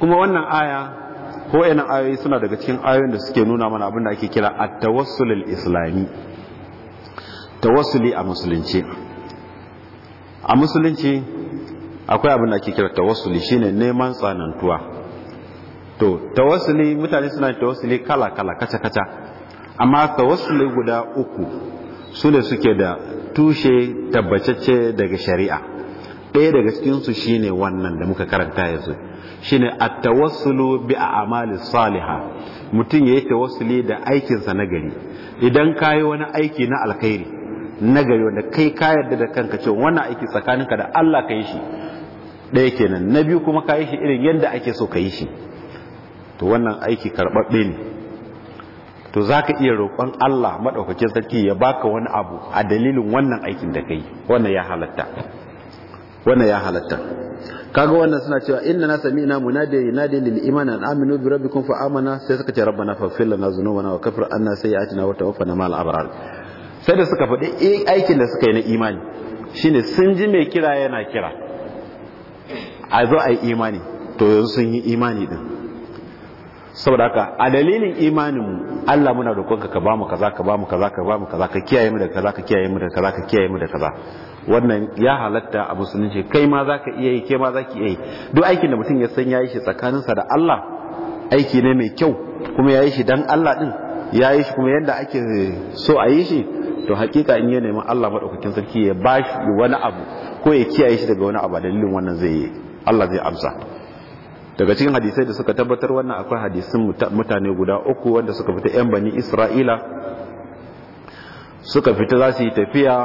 kuma wannan aya ko ayoyi suna daga cikin ayoyin da suke nuna mana abin da ake kira at-tawassul islami tawassuli a musulunci a musulunci akwai abin da ake kira tawassuli shine neman tsanantuwa to tawassuli mutane suna tawassuli kala kala kaca kaca amma tawassuli guda uku su ne suke da tushe tabbacacce daga shari'a ɗaya daga cikinsu shine wannan da muka karanta yanzu shine at-tawassulu bi a'mali saliha mutum yayi tawassuli da aikinsa na gari idan kayi wani aiki na alkhairi Na gari wanda kai ka yarda da kanka cewa wannan aiki tsakaninka da Allah ka yi shi ɗaya kenan na biyu kuma ka yi shi irin yadda ake so ka yi shi to wannan aiki karɓaɓɓe ne to za ka iya roƙon Allah maɗaukacin sarki ya baka wani abu a dalilin wannan aikin da ka yi wannan ya halatta wannan ya halatta kaga wannan suna cewa inna na sami ina munadi yunadi lil imani an aminu bi rabbikum fa amana sai suka ce rabbana faghfir lana dhunubana wa kafir anna sayyi'atina wa tawaffana ma'al abrar sai da suka faɗi aikin da suka yi na imani shi ne sun ji mai kira yana kira a zo a yi imani to yanzu sun yi imani din saboda haka a dalilin imaninmu Allah muna roƙonka ka bamu kaza ka bamu kaza ka bamu kaza ka kiyaye mu da kaza ka kiyaye mu da kaza ka kiyaye mu da kaza wannan ya halatta a musulunci kai ma zaka iya yi kai ma zaki iya yi duk aikin da mutum ya san yayi shi tsakaninsa da Allah aiki ne mai kyau kuma yayi shi dan Allah din yayi shi kuma yanda ake so a yi shi to hakika in ya nemi Allah madaukakin sarki ya bashi wani abu ko ya kiyaye shi daga wani abu dalilin wannan zai yi Allah zai amsa daga cikin hadisai da suka tabbatar wannan akwai hadisin mutane guda uku wanda suka fita yan bani Isra'ila suka fita za su yi tafiya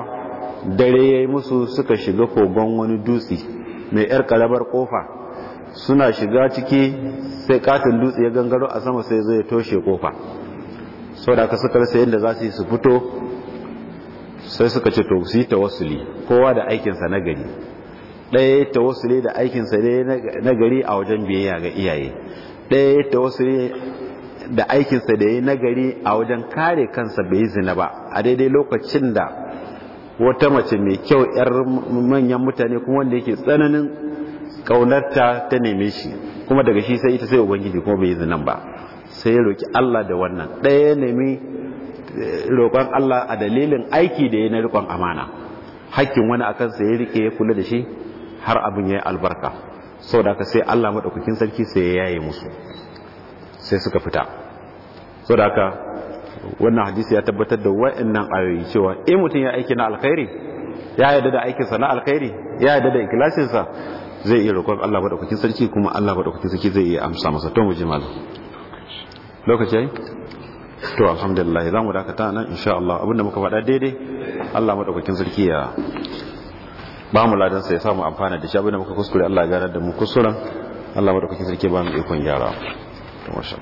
dare yayi musu suka shiga kogon wani dutse mai yar karabar kofa suna shiga ciki sai katin dutse ya gangaro a sama sai zai toshe kofa sau da aka suka rasa yadda za su yi su fito sai suka ce to su yi tawassuli kowa da aikinsa sa nagari ɗaya ya tawassuli da aikinsa ne nagari a wajen biyayya ga iyaye ɗaya ya tawassuli da aikinsa da ya nagari a wajen kare kansa bai zina ba a daidai lokacin da wata mace mai kyau 'yar manyan mutane kuma wanda yake tsananin ƙaunarta ta neme shi kuma daga shi sai ita sai ubangiji kuma bai zina ba sai ya roki Allah da wannan ɗaya nemi roƙon Allah a dalilin aiki da ya na riƙon amana hakkin wani a kansa ya rike ya kula da shi har abin ya yi albarka sau da ka sai Allah maɗaukakin sarki sai ya yaye musu sai suka fita sau da ka wannan hadisi ya tabbatar da wa'annan ayoyi cewa in mutum ya aiki na alkhairi ya yarda da aikinsa na alkhairi ya yarda da ikilasinsa zai iya roƙon Allah maɗaukakin sarki kuma Allah maɗaukakin sarki zai iya amsa masa to mu ji malam lokaci to alhamdulillah za mu dakata nan insha Allah abinda muka faɗa daidai Allah madaukakin sarki ya ba mu ladan sa ya samu amfana da shi abinda muka kuskure Allah ya ganar da mu kusuran Allah madaukakin sarki ba mu ikon gyara to masha